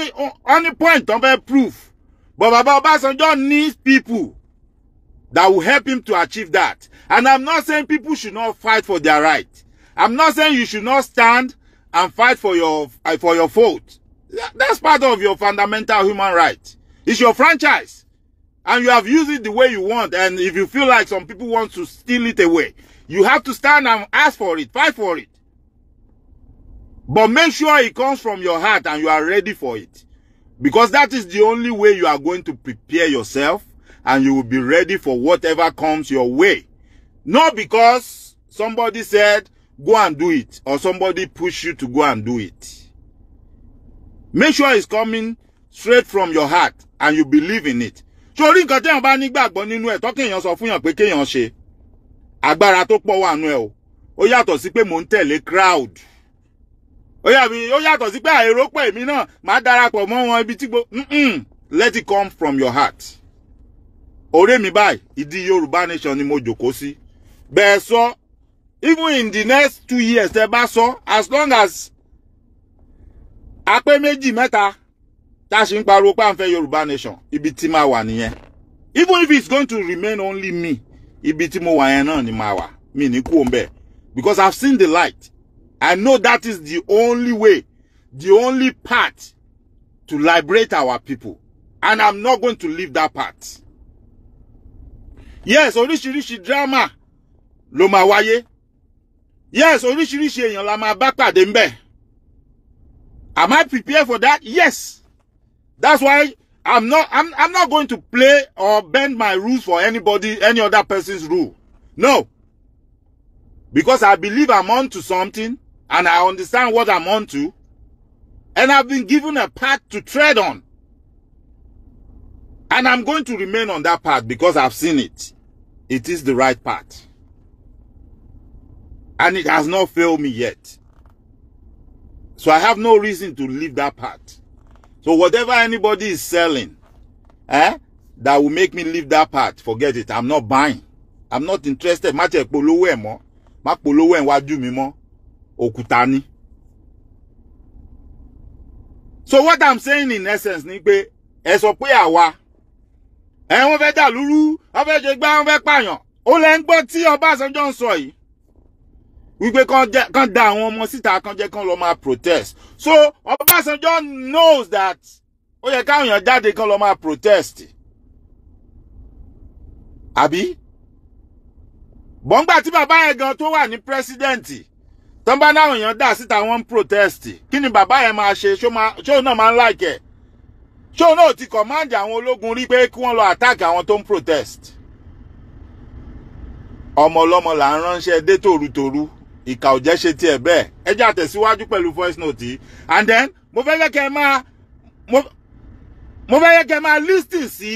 only point tó ń fẹ́ proof but bàbá Ọbásanjọ́ needs people that will help him to achieve that and I'm not saying people should not fight for their right I'm not saying you should not stand and fight for your for your fault that's part of your fundamental human right It's your franchise. And you have used it the way you want. And if you feel like some people want to steal it away, you have to stand and ask for it, fight for it. But make sure it comes from your heart and you are ready for it. Because that is the only way you are going to prepare yourself and you will be ready for whatever comes your way. Not because somebody said, go and do it, or somebody pushed you to go and do it. Make sure it's coming straight from your heart and you believe in it sórí nǹkan téèyàn bá nígbàgbọ́ nínú ẹ̀ e, tọ́kì èèyàn sọ fún yàn pé kéèyàn ṣe agbára tó pọ̀ wà nú ẹ̀ e o ó yàtọ̀ sí pé mò ń tẹ̀lé crowd ó yàtọ̀ sí pé àìró pé mi náà má darapọ̀ mọ́ wọn ibi tí gbo let it come from your heart ọ̀rẹ́ mi báyìí ìdí Yorùbá nation ni mo jòkó sí bẹ́ẹ̀ sọ even in the next two years tẹ bá sọ as long as apẹ́ méjì mẹ́ta tá a ṣe ń pariwo páńfẹ́ yorùbá nation ibi tí máa wà nìyẹn even if it's going to remain only me ibi tí mo wà yẹn náà ni máa wà mi ní kú òǹbẹ because I've seen the light I know that is the only way the only path to liberate our people and I'm not going to leave that path yes oríṣiríṣi drama ló máa wáyé yes oríṣiríṣi èèyàn la máa bá pàdé ńbẹ̀ am I prepared for that yes. That's why I'm not I'm I'm not going to play or bend my rules for anybody, any other person's rule. No. Because I believe I'm on to something and I understand what I'm on to. And I've been given a path to tread on. And I'm going to remain on that path because I've seen it. It is the right path. And it has not failed me yet. So I have no reason to leave that path. So whatever anybody is selling, eh, that will make me leave that part, forget it. I'm not buying. I'm not interested. Má tiẹ̀ polówó ẹ̀ mọ́. Má polówó ẹ̀ mi mọ́. Òkúta So what I'm saying in essence ni pé ẹ sọ pé àwa ẹ eh, wọ́n fẹ́ dàlúrú o fẹ́ ṣe gbá wọ́n fẹ́ pààyàn ó lẹ́ ń gbọ́ tí Ọbásanjọ́ ń sọ yìí wípé kán da àwọn ọmọ síta kán jẹ́ kán lọ máa protest so Ọbásanjọ́ knows that ó yẹ káwọn èèyàn jáde kán lọ máa protest àbí bọ́ngbà tí bàbá yẹn gan tó wà ní president, tán bá náwọn èèyàn dà síta wọn protest kí ni bàbá yẹn máa ṣe ṣó náà máa ń láìkẹ́ ṣó náà ti kọ̀máǹdì àwọn ológun rí pé kí wọ́n lọ attack àwọn tó ń protest ọmọ ọlọ́mọ là ń ránṣẹ́ dé tòrutòru ìkà ò jẹ́ ṣe tiẹ̀ bẹ́ẹ̀ ẹ jẹ́ àtẹ̀síwájú pẹ̀lú voice note yìí and then mo fẹ́ yẹ kẹ́ ẹ máa mo fẹ́ yẹ kẹ́ ẹ máa listen sí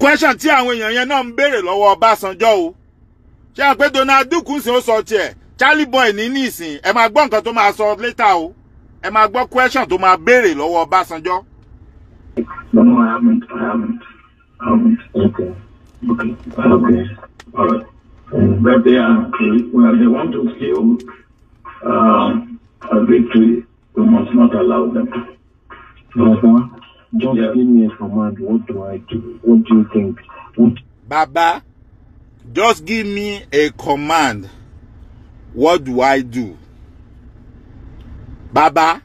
question tí àwọn èèyàn yẹn náà ń béèrè lọ́wọ́ Ọbásanjọ́ o ṣé à ń pé Donald Duke ń sìn ó sọ tiẹ̀ Charlie Boy ní nísìn ẹ máa gbọ́ nǹkan tó máa sọ later o ẹ máa gbọ́ question tó máa béèrè lọ́wọ́ Ọbásanjọ́. No, no, I haven't. I haven't. I haven't. Okay. Okay. Okay. All right but they are well. they want to feel uh, um, a victory, we must not allow them. Baba, just yeah. give me a command. What do I do? What do you think? What? Baba, just give me a command. What do I do? Baba,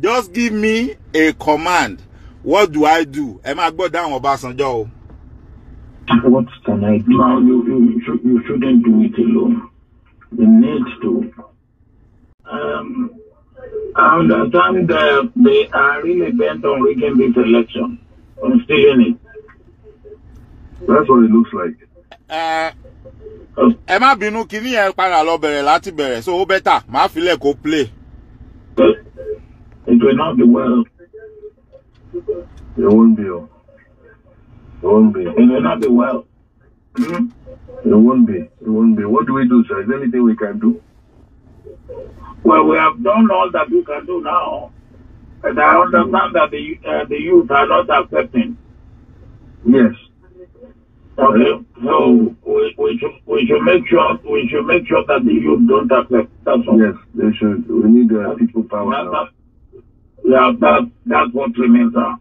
just give me a command. What do I do? Ẹ máa gbọ́ dáhùn Ọbásanjọ́ o. What can I do? Now, you, you, you shouldn't do it alone. You need to. Um, I understand that they are really bent on rigging this election, on stealing it. That's what it looks like. Uh, ẹ má bínú kinní yẹn padà lọ bẹ̀rẹ̀ láti bẹ̀rẹ̀ so ó bẹ́tà má filẹ̀ kó play. it will not be well. it won't be well won't be. It will not be well. Hmm? It won't be. It won't be. What do we do, sir? Is there anything we can do? Well, we have done all that we can do now. And I understand that the, uh, the youth are not accepting. Yes. Okay, so we, we, should, we should make sure we should make sure that the youth don't accept. That's all. Yes, they should. We need uh, people power. That, that, yeah, that, that's what remains. Uh,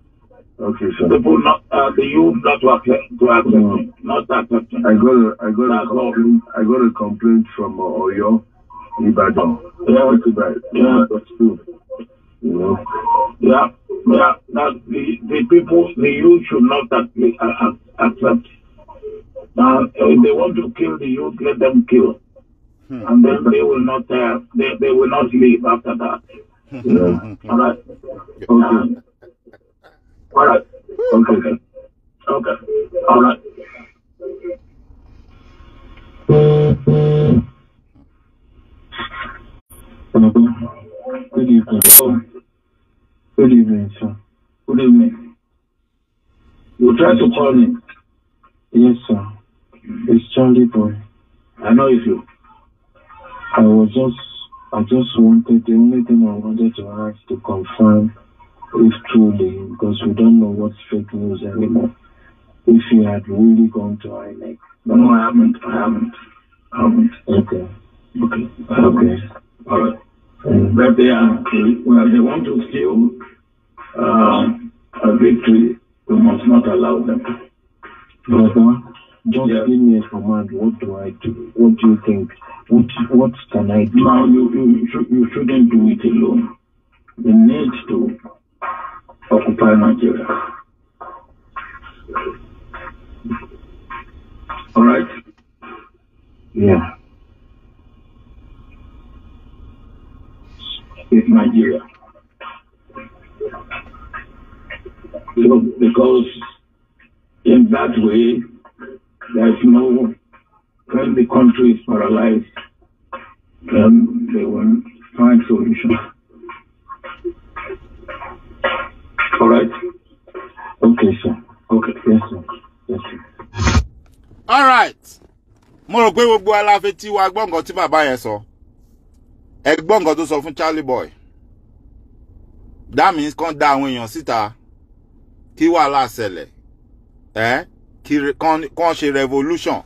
Okay, sir. People not uh, the youth not to accept to accept no. Mm. it, not accepting. I got a I got a complaint. All. I got a complaint from uh, Oyo, Ibadan. Yeah, Ibadan. Yeah, that's true. You know. Yeah, yeah. That the the people the youth should not accept. And uh, if they want to kill the youth, let them kill. Hmm. And then they will not uh, they they will not leave after that. Yeah. All right. Okay. And, All right. Okay. Okay. All right. Good evening. Hello. Oh, good evening, sir. Good evening. You tried to call me. Yes, sir. It's Charlie Boy. I know it's you. I was just, I just wanted, the only thing I wanted to ask to confirm if truly, because we don't know what's fake news anymore. If you had really gone to INEC. No, I haven't. I haven't. I haven't. Okay. Okay. I haven't. Okay. All right. but mm. they are, well, they want to steal uh, a victory. We must not allow them. Brother, just give me a command. What do I do? What do you think? What What can I do? Now you you, you shouldn't do it alone. You need to Occupy Nigeria. All right? Yeah. It's Nigeria. Because in that way, there's no, when the country is paralyzed, then they will not find solutions. All right. Okay, sir. Okay, yes, sir. Yes, sir. All right. Mo rò pé gbogbo aláfẹ́ tí wàá gbọ́ nǹkan tí bàbá yẹn sọ. Ẹ gbọ́ nǹkan tó sọ fún Charlie boy. That means kàn dá àwọn èèyàn síta kí wàhálà ṣẹlẹ̀. Ẹ́ kí kàn ṣe revolution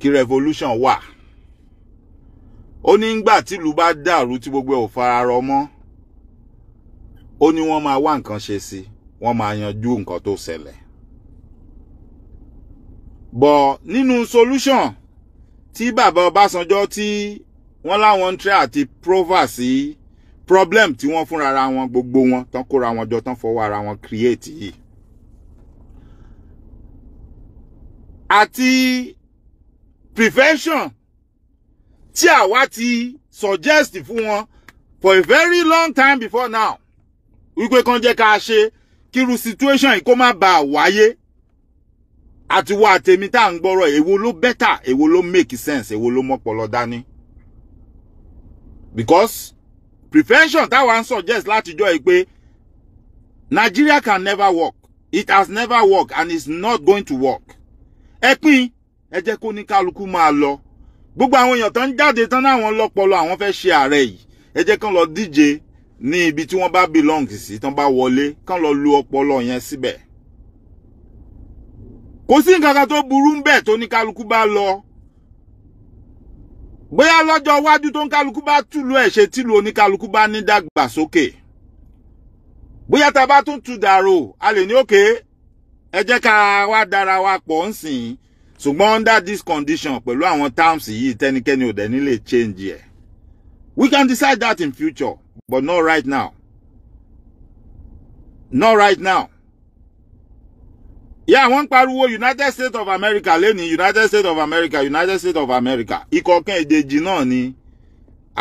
kí revolution wà. Ó ní ngbà tìlú bá dàrú tí gbogbo ẹ̀ ò fararọ mọ́ ó ní wọ́n máa wá nǹkan ṣe sí wọ́n máa yanjú nǹkan tó ṣẹlẹ̀ bọ̀ nínú solution tí bàbá Ọbásanjọ́ tí wọ́n láwọn ń tẹ́ àti prover sí problem tí wọ́n fúnra ara wọn gbogbo wọn tán kóra wọn jọ tán fọwọ́ ara wọn create yìí àti prevention tí àwa ti suggest fún wọn for a very long time before now wípé kán jẹ́ ká ṣe kíru situation yìí kó má bàa wáyé àti wá àtèmi tá à ń gbọ́rọ̀ èwo ló bẹ́tà èwo ló make sense èwo ló mọ́pọlọ dání because prevention táwa ń suggest látijọ́ yìí pé Nigeria can never work it has never worked and it's not going to work ẹ pín ẹ jẹ́ kó ní kálukú máa lọ gbogbo àwọn èèyàn tó ń jáde tán náà wọn lọ́pọlọ àwọn fẹ́ ṣe ààrẹ yìí ẹ jẹ́ kán lọ díje ní ibi tí wọ́n bá belong sí tán bá wọlé kán lọ lu ọpọlọ yẹn síbẹ̀ kò sí nǹkan kan tó burú ń bẹ̀ tó ní kálukú bá lọ bóyá lọ́jọ́ iwájú tó ń kálukú bá túlù ẹ̀ ṣe tìlù oníkálukú bá ní dàgbàsókè bóyá tá bá tún tu dàrò a lè ní òkè ẹ jẹ́ ká wá dára wa pọ̀ ń sìn ṣùgbọ́n under this condition pẹ̀lú àwọn terms yìí tẹ́nikẹ́ni ò dẹ̀ ní lè change ẹ̀ we can decide that in future. But not right now. Not right now. Yeah, wọ́n pariwo United States of America lẹ́ni United States of America United States of America. Ìkọ̀kan èdèjì náà ni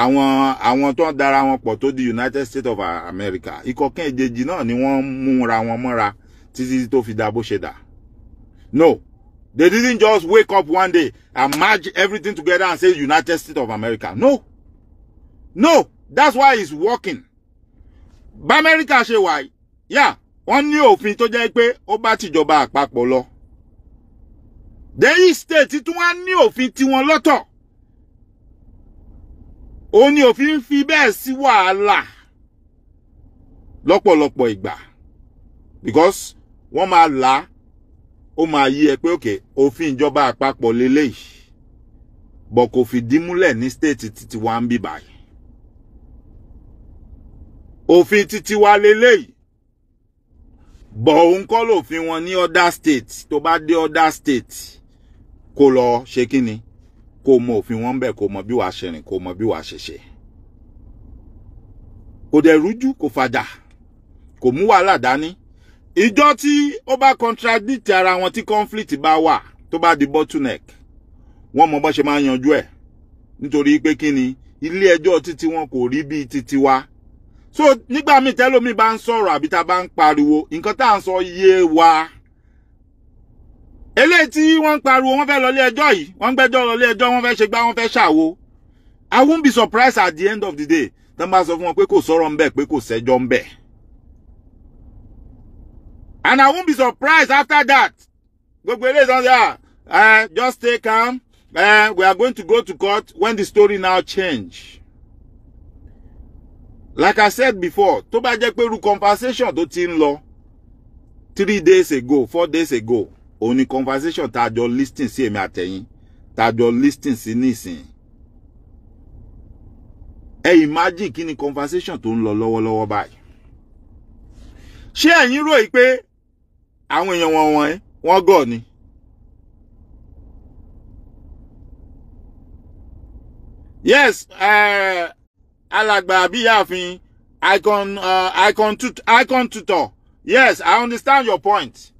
àwọn àwọn tó ń dara wọn pọ̀ tó di United States of America. Ìkọ̀kan èdèjì náà ni wọ́n múra wọn mọ́ra títí tó fi dà bó ṣe No, they didn't just wake up one day and merge everything together and say United States of America. No, no that's why it's working bamẹ́ríkà ṣe wà yá yeah, wọ́n ní òfin tó jẹ́ pé ó bá tìjọba àpapọ̀ lọ deyi state tí wọ́n ní òfin tiwọn lọ́tọ̀ òun ni òfin fi bẹ́ẹ̀ sí wàhálà lọ́pọ̀lọpọ̀ ìgbà because wọ́n máa là á ó máa yí ẹ pé òkè òfin ìjọba àpapọ̀ lélẹ́yìí bọ̀ kò fìdí múlẹ̀ ní state títí wá ń bì báyìí òfin títí wa leléyìí bọ̀ òun kọ́ lòfin wọn ní other state tó bá dé other state kó lọ ṣe kí ni kó mọ òfin wọn bẹ́ẹ̀ kó mọ bí wàá ṣe rìn mọ bí wàá ṣe kò dẹ̀ rújú kò fàjà kò mú wàhálà dání ìjọ tí ó bá contradict ara wọn tí conflict bá wà tó bá di bottleneck wọ́n mọ bó ṣe máa yanjú ẹ̀ nítorí pé kí ni ilé ẹjọ́ títí wọn kò rí bíi títí wa so nígbà míì tẹ́lómi bá ń sọ̀rọ̀ àbí tá a bá ń pariwo nǹkan tá à ń sọ yé wa eléyìí tí wọ́n ń pariwo wọ́n fẹ́ lọ ilé ẹjọ́ yìí wọ́n ń gbẹ́jọ́ lọ ilé ẹjọ́ wọ́n ṣe gbá wọ́n fẹ́ ṣàwo I won't be surprised at the end of the day tó ń bá sọ fún wọn pé kò sọ̀rọ̀ ńbẹ̀ pé kò sẹ́jọ́ ńbẹ̀ and I won't be surprised after that gbogbo eléyìí sọ́n ah eh, just stay calm uh, we are going to go to court when the story now change like i said before tó bá jẹ́ pé irú conversation tó ti ń lọ three days ago four days ago òun ni conversation tá a jọ listing sí èmi àtẹ̀yìn tá a jọ listing sí nísìn ẹ imagine kí ni conversation tó ń lọ lọ́wọ́lọ́wọ́ báyìí ṣé ẹ̀yin rò yìí pé àwọn èèyàn wọn wọ̀nyí wọ́n gọ̀ ni. yes uh, alàgbà abiyafin icon uh, icon tut icon tutor yes i understand your point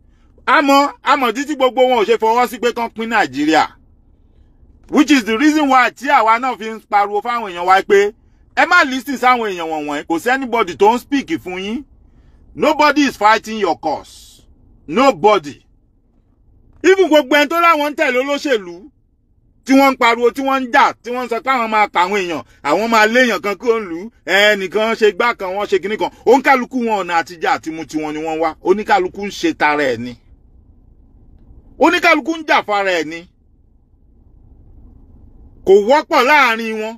àmọ́ àmọ́ títí gbogbo wọn ò ṣe fọwọ́ sí pé kán pín nàìjíríà which is the reason why tí àwa náà fi ń pariwo fáwọn èèyàn wa pé ẹ má listen sáwọn èèyàn wọ̀nyí kò sí anybody tó ń speak fún yín nobody is fighting your cause nobody even gbogbo ẹni tó láwọn ń tẹ̀lé olóṣèlú tí wọ́n ń pariwo tí wọ́n ń jà tí wọ́n ń sọ pé àwọn máa pa àwọn èèyàn àwọn máa léèyàn kan kúrò lù ú ẹnìkan ṣe gbá kan wọ́n ṣe kinní kan oníkálukú wọn ọ̀nà àtijọ́ àtimu tiwọn ni wọ́n wá oníkálukú ń ṣe tara ẹ̀ ni oníkálukú ń jà fara ẹ̀ ni kò wọ́pọ̀ láàrin wọn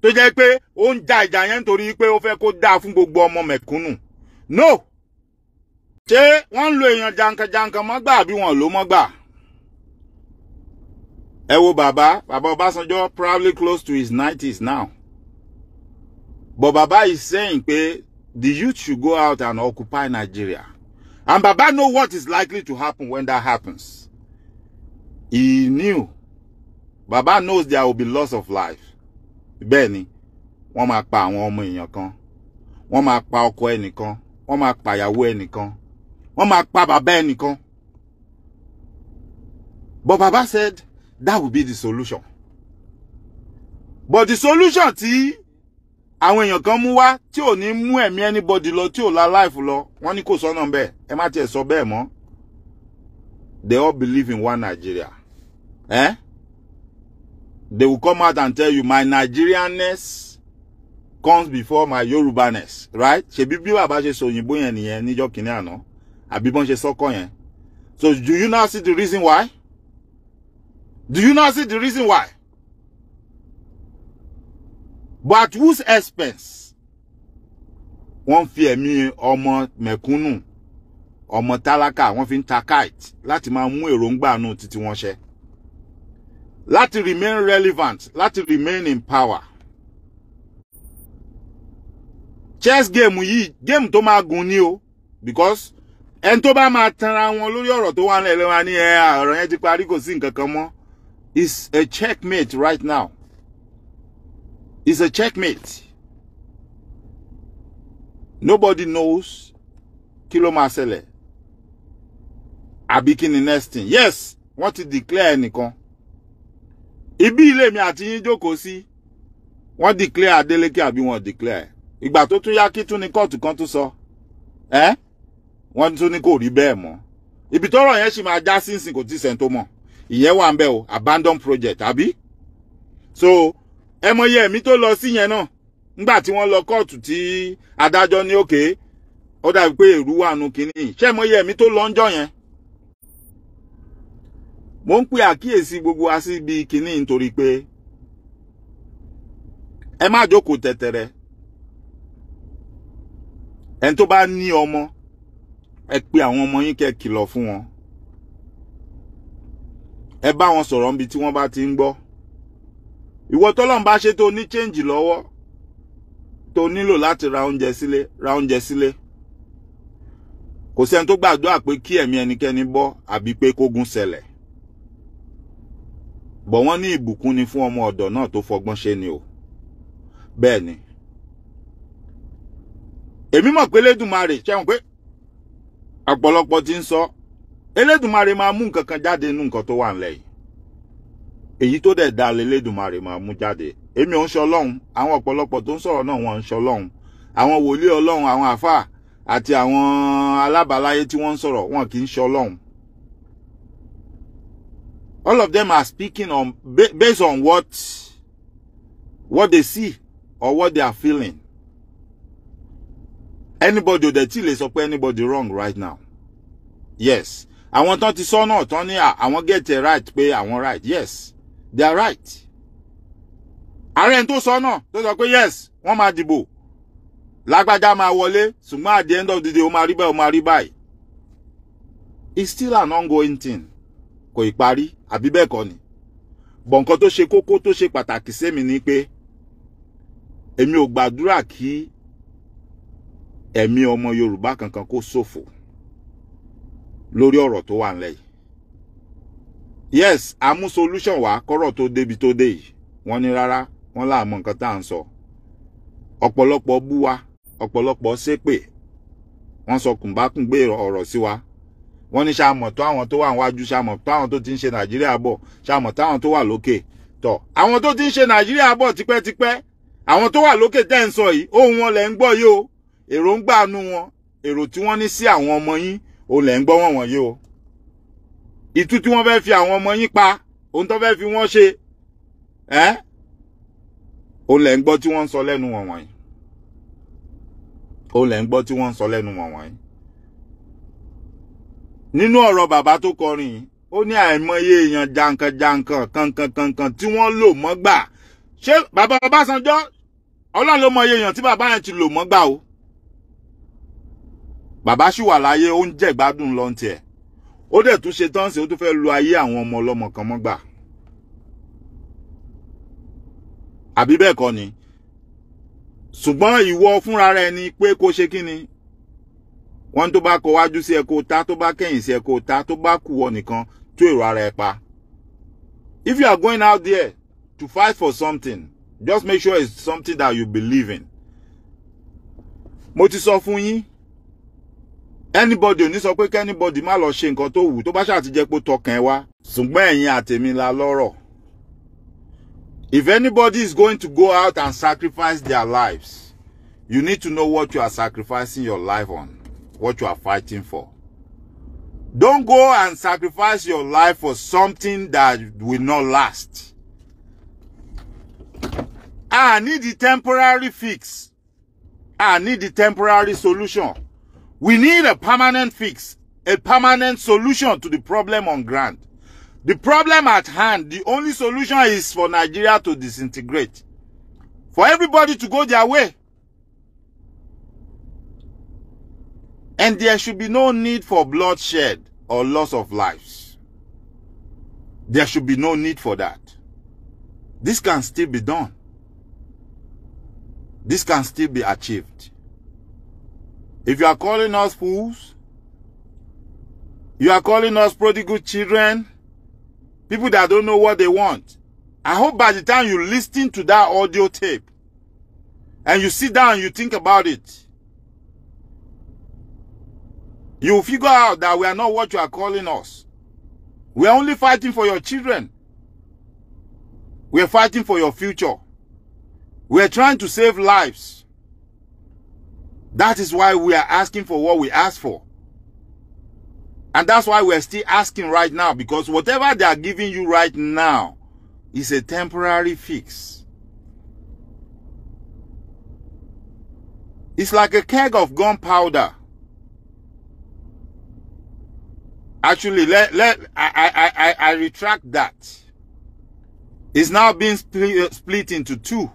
tó jẹ́ pé ó ń ja ìjà yẹn nítorí pé ó fẹ́ kó dáa fún gbogbo ọmọ mẹ̀kúnnù no ṣé wọ́n ń lo èèyàn jankan jankan mọ́gbà àbí wọn ò lò mọ́gbà Ewo Baba, Baba bàbá probably close to his nineties now but Baba is saying pé the youth should go out and occupy Nigeria and Baba know what is likely to happen when that happens he knew Baba knows there will be loss of life bẹ́ẹ̀ ni wọ́n máa pa àwọn ọmọ èèyàn kan wọ́n máa pa ọkọ ẹnìkan wọ́n máa pa ìyàwó ẹnìkan wọ́n máa pa bàbá ẹnìkan but Baba said that will be the solution but the solution tí àwọn èèyàn kan mú wá tí ò ní mú ẹ̀mí anybody lọ tí ò la life lọ wọ́n ní kò sọ́nà bẹ́ẹ̀ ẹ má tiẹ̀ sọ bẹ́ẹ̀ mọ́ they all believe in one Nigeria eh? they will come out and tell you my Nigerianness comes before my Yorubaness right ṣebí bí bàbá ṣe sọ òyìnbó yẹn nìyẹn níjọ́ kìnìún àná àbí bọ́n ṣe sọ́kọ̀ yẹn so do you now see the reason why Do you not see the reason why? But whose expense? Wọ́n fear me ọmọ mekunu ọmọ tálákà, wọ́n fin ń ta kite láti máa mú èròǹgbà nù títí wọn ṣẹ. remain relevant, láti remain in power. Chess game yìí, game to ma gùn ni o, because ẹni tó bá máa tanra wọn lórí ọ̀rọ̀ tó wà nílẹ̀ wa ní ẹ̀ ọ̀rọ̀ yẹn ti parí kò sí nǹkan kan mọ́ is a checkmate right now. It's a checkmate. Nobody knows kí ló máa nesting. Yes, What to declare ẹnìkan. Ibi ile mi ati yín jókòó sí. Wọ́n declare Adeleke abi? wọ́n declare. Ìgbà tó tún yá kí tún ní kóòtù kan tún sọ. Ẹ́ wọ́n tún ní kò rí bẹ́ẹ̀ Ibi tọ́rọ̀ yẹn sì máa já sínsìn kò tí ì sẹ́ni tó mọ̀. ìyẹn wà ń o abandon project àbí so ẹ mọyẹ ẹ̀mí tó lọ sí yẹn náà nígbà tí lọ kóòtù tí ní òkè ó dàbí pé èrú wà nù kínní ṣé mọyẹ tó lọ ń jọ yẹn mo gbogbo wa sí kínní nítorí pé ẹ má jókòó tẹ̀tẹ̀rẹ̀ ẹni tó ọmọ ẹ pe àwọn ọmọ yín kẹ́ kìlọ̀ fún wọn ẹ bá wọn sọ̀rọ̀ níbi tí wọ́n bá ti ń gbọ́ ìwọ tọ́lọ́n bá ṣe tó ní change lọ́wọ́ tó nílò láti ra oúnjẹ sílé ra oúnjẹ sílé kò sẹ́ni tó gbàdúrà pé kí ẹ̀mí ẹnikẹ́ni bọ́ àbí pé kógun ṣẹlẹ̀ bọ̀ wọ́n ní ìbùkún ni fún ọmọ ọ̀dọ̀ náà tó fọgbọ́n ṣe ni o bẹ́ẹ̀ ni èmi mọ̀ pé Lédùmarè ṣẹ́wọ̀n pé ọ̀pọ̀lọpọ̀ ti ń sọ elédùnmarè máa mú nǹkan jáde nínú nǹkan tó wà nílẹ̀ èyí tó dẹ̀ da elédùnmarè máa mú jáde èmi ò ń ṣe ọlọ́run àwọn ọ̀pọ̀lọpọ̀ tó ń sọ̀rọ̀ náà wọ́n ń ṣe ọlọ́run àwọn wòlíì ọlọ́run àwọn àfáà àti àwọn alábàáláyé tí wọ́n ń sọ̀rọ̀ wọn kì í ṣe ọlọ́run all of them are speaking on based on what what they see or what they are feeling anybody ò dẹ̀ tí lè sọ pé anybody wrong right now yes àwọn tán ti sọ náà tán ní àwọn get the right pé àwọn right yes they are right ààrẹ tó sọ náà tó sọ pé yes wọ́n máa dìbò lágbájá máa wọlé ṣùgbọ́n at the end of the day ó máa rí báyìí ó máa rí báyìí it's still an ongoing thing kò ì parí àbí bẹ́ẹ̀ kọ́ ni bọ̀ nǹkan tó ṣe kókó tó ṣe pàtàkì sẹ́mi ni pé èmi ò gbàdúrà kí ẹ̀mí ọmọ Yorùbá kankan kó ṣòfò. So lórí ọ̀rọ̀ tó wà nílẹ̀ yìí yes a mú solution wá kọ́rọ̀ tó débi tó dé yìí wọ́n ní rárá wọ́n láàmú nǹkan tá à ń sọ ọ̀pọ̀lọpọ̀ bú wa ọ̀pọ̀lọpọ̀ ṣépè wọ́n sọ kùnbákùngbé ọ̀rọ̀ sí wa wọ́n ní ṣàmọ̀ tó àwọn tó wà níwájú ṣàmọ̀ tó àwọn tó ti ń ṣe nàìjíríà bọ̀ ṣàmọ̀ táwọn tó wà lókè tọ̀ àwọn tó ti ń ṣe nàìjíríà bọ̀ tipẹ́tipẹ́ àwọn tó wà lókè tẹ́ ń sọ yìí ohun wọn lẹ̀ ń gbọ́ yìí o èròǹgbà nu wọn èrò tí wọ́n ní sí àwọn ọmọ yín o lẹ̀ ń gbọ́ wọ̀n wọ̀nyí o ìtú tí wọ́n fẹ́ fi àwọn ọmọ yín pa ohun tó fẹ́ fi wọ́n ṣe ẹ́ o lẹ̀ ń gbọ́ tí wọ́n ń sọ lẹ́nu wọ̀n wọ̀nyí o lẹ̀ ń gbọ́ tí wọ́n ń sọ lẹ́nu wọ̀n wọ̀nyí nínú ọ̀rọ̀ bàbá tó kọrin yìí ó ní àìmọye èèyàn jàǹkànjàǹkàn kankankankan tí wọ́n lò mọ́gbà ṣé bàbá Ọbásanjọ́ Ọlọ́run ló mọye èèyàn tí bàbá yẹn ti lò mọ́gbà o bàbá sì wà láyé ó ń jẹ̀gbádùn lọ́n tiẹ̀ ó dẹ̀ tún ṣe tán sí ó tún fẹ́ lu ayé àwọn ọmọ ọlọ́mọ kan mọ́gbà àbí bẹ́ẹ̀ kọ́ ni ṣùgbọ́n ìwọ fúnra rẹ ni pé kó ṣe kí ni wọ́n tó bá kọ wájú sí ẹ ta tó bá kẹ́yìn sí ẹ ta tó bá kù ọ nìkan tó èrò ara ẹ pa. if you are going out there to fight for something just make sure it's something that you believe in. mo ti sọ fún yín anybody ò ní sọ pé kẹ́nibọ́dì má lọ ṣe nǹkan tó wù tó bá ṣáà ti jẹ́ pé tọkàn ẹ wá ṣùgbọ́n ẹ̀yin àtèmi la lọ́rọ̀ if anybody is going to go out and sacrifice their lives you need to know what you are sacrificing your life on what you are fighting for don't go and sacrifice your life for something that will not last I need the temporary fix I need the temporary solution. We need a permanent fix, a permanent solution to the problem on ground. The problem at hand, the only solution is for Nigeria to disintegrate. For everybody to go their way. And there should be no need for bloodshed or loss of lives. There should be no need for that. This can still be done. This can still be achieved. If you are calling us fools, you are calling us prodigal children, people that don't know what they want. I hope by the time you listen to that audio tape and you sit down and you think about it, you figure out that we are not what you are calling us. We are only fighting for your children. We are fighting for your future. We are trying to save lives. That is why we are asking for what we ask for. And that's why we're still asking right now because whatever they are giving you right now is a temporary fix. It's like a keg of gunpowder. Actually, let, let, I, I, I, I retract that. It's now being split, uh, split into two.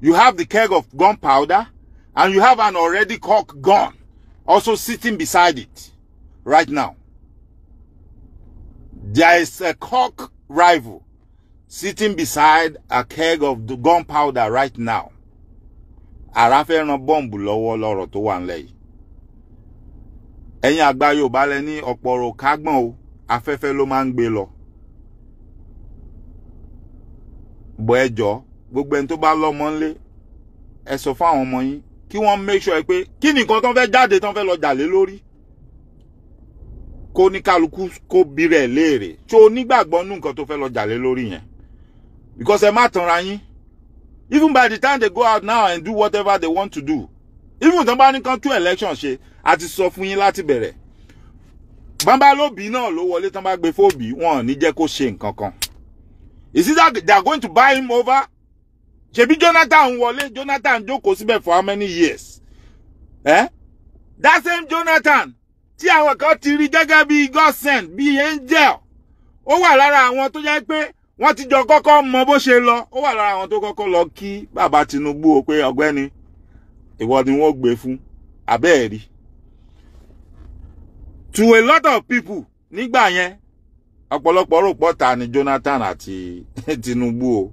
You have the keg of gunpowder and you have an already cock gun also sitting beside it right now. There is a cock rival sitting beside a keg of the gunpowder right now. Ara fẹ́ ran bọ́ǹbù lọ́wọ́ lọ́rọ̀ tó wà nílẹ̀ yìí. àgbà Yorùbá lẹ ní ọ̀pọ̀rọ̀ kágbọ̀n o, afẹ́fẹ́ ló máa ń gbé lọ. Bọ̀ ẹ jọ̀ọ́, gbogbo ẹni tó bá lọ́mọ ńlé, ẹ sọ fún àwọn ọmọ yín kí wọ́n make sure pé kí ni nǹkan tó ń fẹ́ jáde tó ń fẹ́ lọ jàlé lórí kó ní kálukú kó bírẹ̀ léèrè tó onígbàgbọ́ nú nǹkan tó fẹ́ lọ jàlé lórí yẹn because ẹ má tanra yín even by the time they go out now and do whatever they want to do even tán bá ní kan tún election ṣe àti sọ fún yín láti bẹ̀rẹ̀ bambalóbi náà ló wọlé tán bá gbé fóòbì wọn ò ní jẹ́ kó ṣe nǹkan kan is it that they are going to buy him over Jebi Jonathan wọlé Jonathan jókòó síbẹ̀ for how many years eh? that same Jonathan tí àwọn kan ti rí gẹ́gẹ́ bí God sent bí angel ó wà lára àwọn tó jẹ́ pé wọ́n ti jọ kọ́kọ́ mọ bó ṣe lọ ó wà lára àwọn tó kọ́kọ́ lọ kí bàbá Tinubu o pé ọ̀gbẹ́ni ìwọ ni wọ́n fun. fún abẹ́ẹ̀rí to a lot of people nígbà yẹn ọ̀pọ̀lọpọ̀ rò pọ̀ ta ni Jonathan ati Tinubu o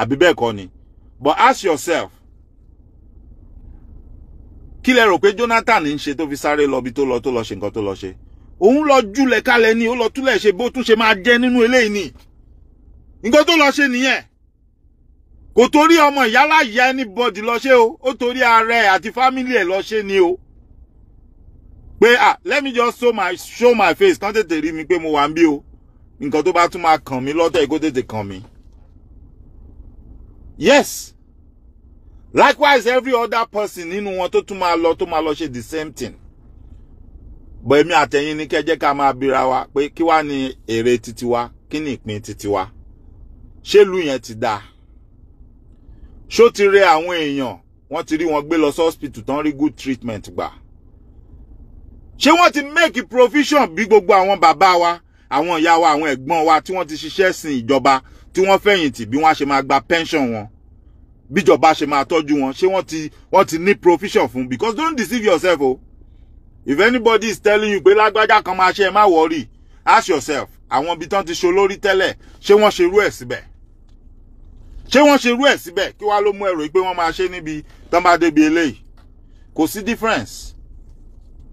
àbí bẹ́ẹ̀ kọ́ ni but ask yourself kí lẹ rò pé Jonathan ń ṣe tó fi sáré lọ bí tó lọ tó lọ ṣe nǹkan tó lọ ṣe òun lọ júlẹ̀ kalẹ̀ ni ó lọ túlẹ̀ ṣe bó tún ṣe máa jẹ́ nínú eléyìí ni nǹkan tó lọ ṣe nìyẹn kò torí ọmọ ìyálà ìyá anybody lọ ṣe o ó torí ara àti family ẹ̀ lọ ṣe ni o pé ah let me just show my show my face kán tètè rí mi pé mo wà ń bí o nǹkan tó bá tún máa kàn mí lọ́tọ̀ yìí kó tètè kàn mí yes likewise every other person nínú wọn tó tún máa lọ tó máa lọ ṣe the same thing bọ èmi àtẹ̀yin ni kẹjẹ́ ká máa bira wa pé kí wá ní èrè titi wa kí ni ìpín titi wa ṣé lu yẹn ti dáa ṣó ti rẹ àwọn èèyàn wọ́n ti rí wọn gbé lọ sí hospital tán rí good treatment gbà ṣé wọ́n ti make provision bí gbogbo àwọn bàbá wa àwọn ìyá wa àwọn ẹ̀gbọ́n wa tí wọ́n ti ṣiṣẹ́ sin ìjọba tí wọ́n fẹ̀yìntì bí wọ́n á ṣe máa gba pension wọn bíjọba ṣe máa tọ́jú wọn ṣé wọ́n ti wọ́n ti ní provision fún because don't deceive yourself o if anybody is telling you pé lágbájá kan máa ṣe ẹ má worry ask yourself àwọn ibi tán ti ṣe olórí tẹ́lẹ̀ ṣé wọ́n ṣe irú ẹ̀ síbẹ̀ ṣé wọ́n ṣe irú ẹ̀ síbẹ̀ kí wàá ló mú ẹ̀rọ pé wọ́n máa ṣe níbi tán bá débi eléyìí kò sí difference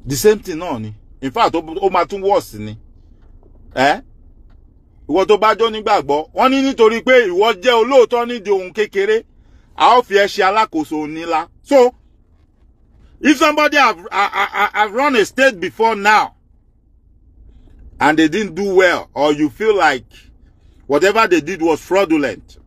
the same thing náà ni in fact ó máa tún worse ni ẹ ìwọ tó bá jó nígbàgbọ́ wọ́n ní nítorí pé ìwọ jẹ́ olóòótọ́ nídìí ohun kékeré a ó fi ẹ ṣe alákòóso nílá so if somebody have, have, have run a state before now and they didn't do well or you feel like whatever they did was fraudulent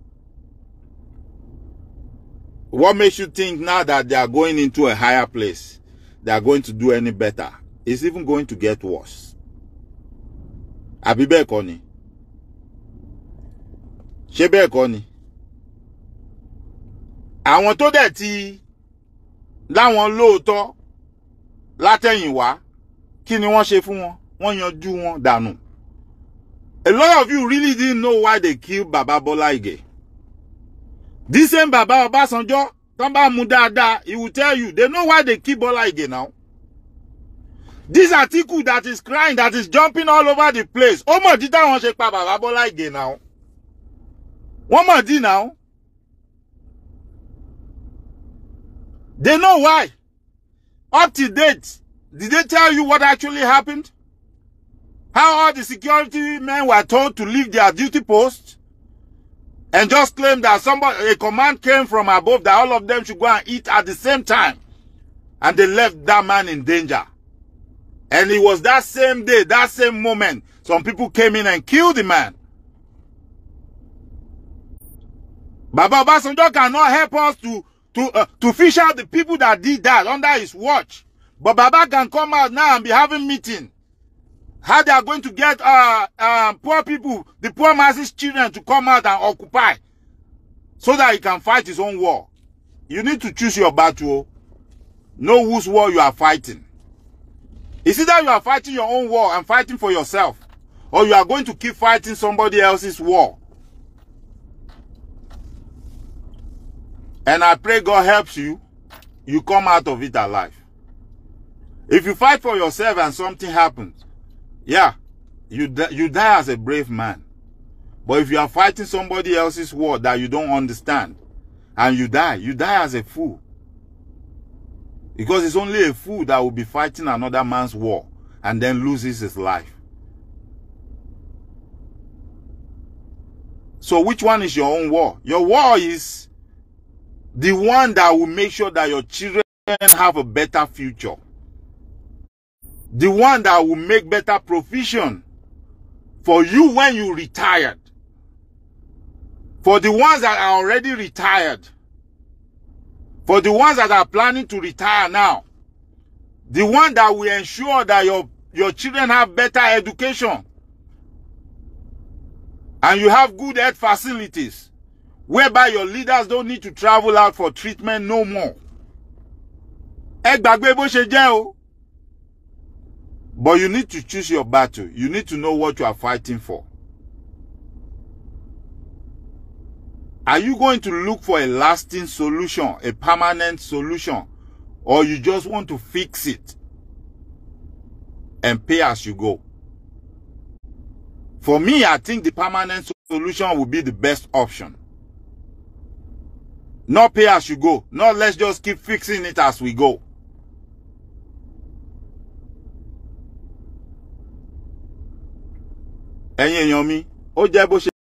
what makes you think now that they are going into a higher place they are going to do any better it's even going to get worse Abibe Koni, Shebe Koni. àwọn tó dẹ̀ ti láwọn lóòótọ́ látẹ̀yìnwá kí ni wọ́n ṣe fún wọn wọ́n yanjú wọn dànù. A lot of you really didn't know why they killed Baba Bola Ige. This same Baba Obasanjo, tán bá mú dáadáa, he will tell you, they know why they killed Bola Ige now. This article that is crying, that is jumping all over the place, ó mọ̀ dí táwọn ṣe pa Baba Bola Ige now. Wọ́n mọ̀ dí now. They know why. Up to date, did they tell you what actually happened? How all the security men were told to leave their duty post and just claim that somebody, a command came from above that all of them should go and eat at the same time. And they left that man in danger. And it was that same day, that same moment, some people came in and killed the man. Baba Obasanjo cannot help us to to, uh, to fish out the people that did that under his watch. But Baba can come out now and be having meeting. How they are going to get uh, uh, poor people, the poor masses children to come out and occupy. So that he can fight his own war. You need to choose your battle. Know whose war you are fighting. Is it that you are fighting your own war and fighting for yourself? Or you are going to keep fighting somebody else's war And I pray God helps you, you come out of it alive. If you fight for yourself and something happens, yeah, you, die, you die as a brave man. But if you are fighting somebody else's war that you don't understand, and you die, you die as a fool. Because it's only a fool that will be fighting another man's war and then loses his life. So which one is your own war? Your war is the one that will make sure that your children have a better future. The one that will make better provision for you when you retired. For the ones that are already retired. For the ones that are planning to retire now. The one that will ensure that your, your children have better education. And you have good health facilities whereby your leaders don't need to travel out for treatment no more. But you need to choose your battle. You need to know what you are fighting for. Are you going to look for a lasting solution, a permanent solution, or you just want to fix it and pay as you go? For me, I think the permanent solution would be the best option. Not pay as you go. Not let's just keep fixing it as we go. ẹ̀yin èèyàn mi ó jẹ́ bó ṣe.